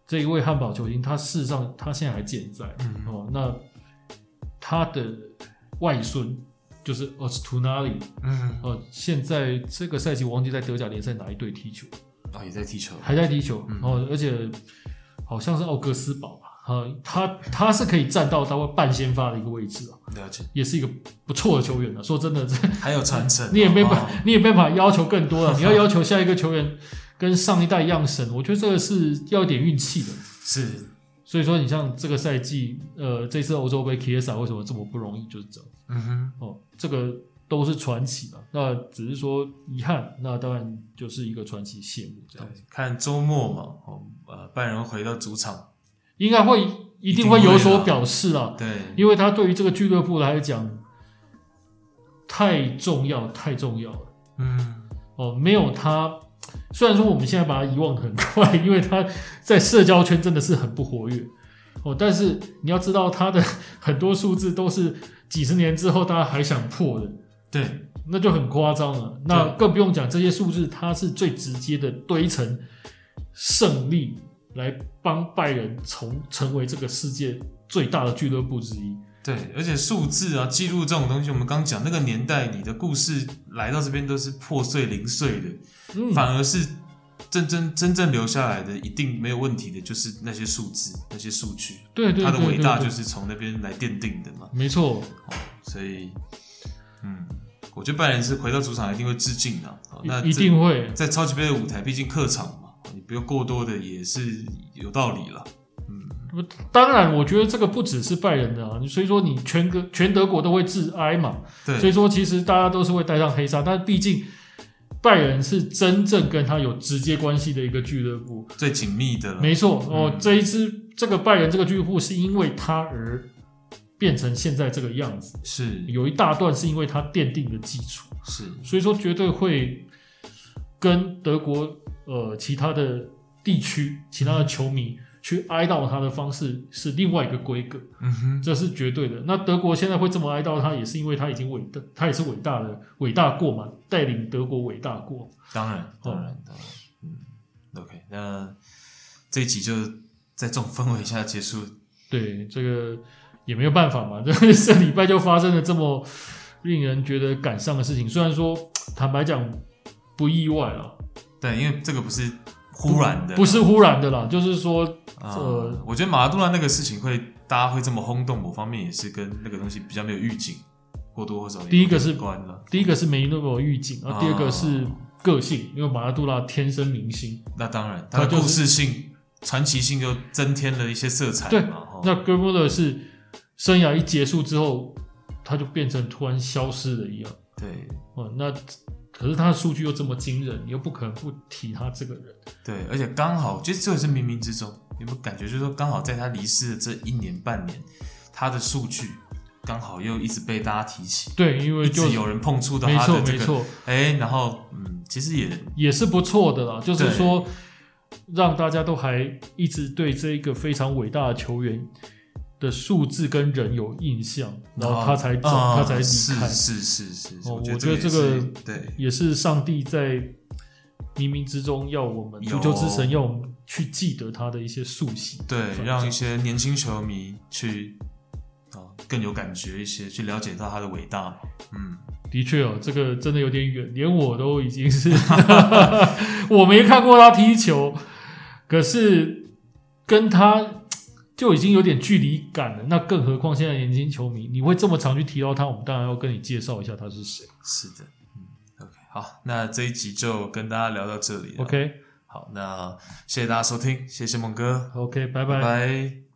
這一位漢堡球星，他事實上他現在還健在。嗯，哦，那他的外孫。就是奧斯圖納里，嗯，哦、呃，現在這個賽季我忘記在德甲聯賽哪一隊踢球，啊、哦，也在踢球，還在踢球，嗯、哦，而且好像是奧格斯堡吧，啊、呃，他他是可以站到當位半先發的一個位置啊、哦，了解，也是一個不錯的球員呢、啊。說真的，這還有傳承、嗯，你也沒辦、哦，你也沒法要求更多了、哦。你要要求下一個球員跟上一代一樣神， 我覺得這個是要一點運氣的，是。所以說，你像這個賽季，呃，這次歐洲盃，k s 薩為什麼這麼不容易？就是這樣。嗯哼，哦，這個都是傳奇嘛。那只是說遺憾，那當然就是一個傳奇謝幕。對，看週末嘛，哦，呃，拜仁回到主場，應該會一定會有所表示啊，對，因為他對於這個俱樂部來講，太重要，太重要了。嗯，哦，沒有他。嗯雖然說我們現在把他遺忘得很快，因為他在社交圈真的是很不活躍哦，但是你要知道他的很多數字都是幾十年之後大家還想破的，對，那就很誇張了。那更不用講這些數字，它是最直接的堆成勝利，來幫拜仁成為這個世界最大的俱樂部之一。對，而且數字啊、記錄這種東西，我們剛講那個年代，你的故事來到這邊都是破碎零碎的。反而是真真真正留下來的，一定沒有問題的，就是那些數字、那些數據。對，對，對對對對，他的偉大就是從那邊來奠定的嘛。沒錯、哦。所以，嗯，我覺得拜仁是回到主場一定會致敬的、啊哦。那一定會在超級盃的舞台，畢竟客場嘛，你不用過多的，也是有道理了。嗯，當然，我覺得這個不只是拜仁的、啊，所以說你全個全德國都會致哀嘛。對。所以說，其實大家都是會帶上黑紗，但畢竟。拜仁是真正跟他有直接關係的一個俱樂部，最緊密的。沒錯、嗯，哦，這一支這個拜仁這個俱樂部是因為他而變成現在這個樣子，是有一大段是因為他奠定了基礎，是所以說絕對會跟德國呃其他的地區、其他的球迷。嗯去哀悼他的方式是另外一個規格，嗯哼，這是絕對的。那德國現在會這麼哀悼他，也是因為他已經偉大，他也是偉大的偉大過嘛，帶領德國偉大過。當然，當然，嗯、當然，嗯，OK 那。那這一集就在這種氛圍下結束。對，這個也沒有辦法嘛，這個、這禮拜就發生了這麼令人覺得感傷的事情。雖然說坦白講不意外了、啊，對，因為這個不是。忽然的不是忽然的啦，就是說，嗯、呃，我覺得馬拉多納那個事情會大家會這麼轟動，某方面也是跟那個東西比較沒有預警，過多或少。第一個是的、嗯，第一個是沒任何預警，啊、嗯，然後第二個是個性，因為馬拉多納天生明星，那、嗯、當然，他故事性、就是、傳奇性又增添了一些色彩。對，哦、那格布勒是生涯一結束之後，他就變成突然消失了一樣。對，哦、嗯，那。可是他的數據又這麼驚人，你又不可能不提他這個人。對，而且剛好，就這也是冥冥之中，有沒有感覺？就是說，剛好在他離世的這一年半年，他的數據剛好又一直被大家提起。對，因為、就是、一直有人碰觸到他的這個，沒錯、沒錯、哎、欸，然後嗯，其實也也是不錯的啦，就是說讓大家都還一直對這一個非常偉大的球員的數字跟人有印象，然後他才走，哦，他才離、啊、開。是是是是，是、哦、是，我覺得這個對，也是上帝在冥冥之中要我們足球之神要我們去記得他的一些塑形，對，讓一些年輕球迷去、哦、更有感覺一些，去了解到他的偉大。嗯，的確哦，這個真的有點遠，連我都已經是 我沒看過他踢球，可是跟他，就已經有點距離感了，那更何況現在年輕球迷，你會這麼常去提到他？我們當然要跟你介紹一下他是誰。是的，嗯，OK，好，那這一集就跟大家聊到這裡了。OK，好，那謝謝大家收聽，謝謝孟哥。OK，拜拜。拜拜。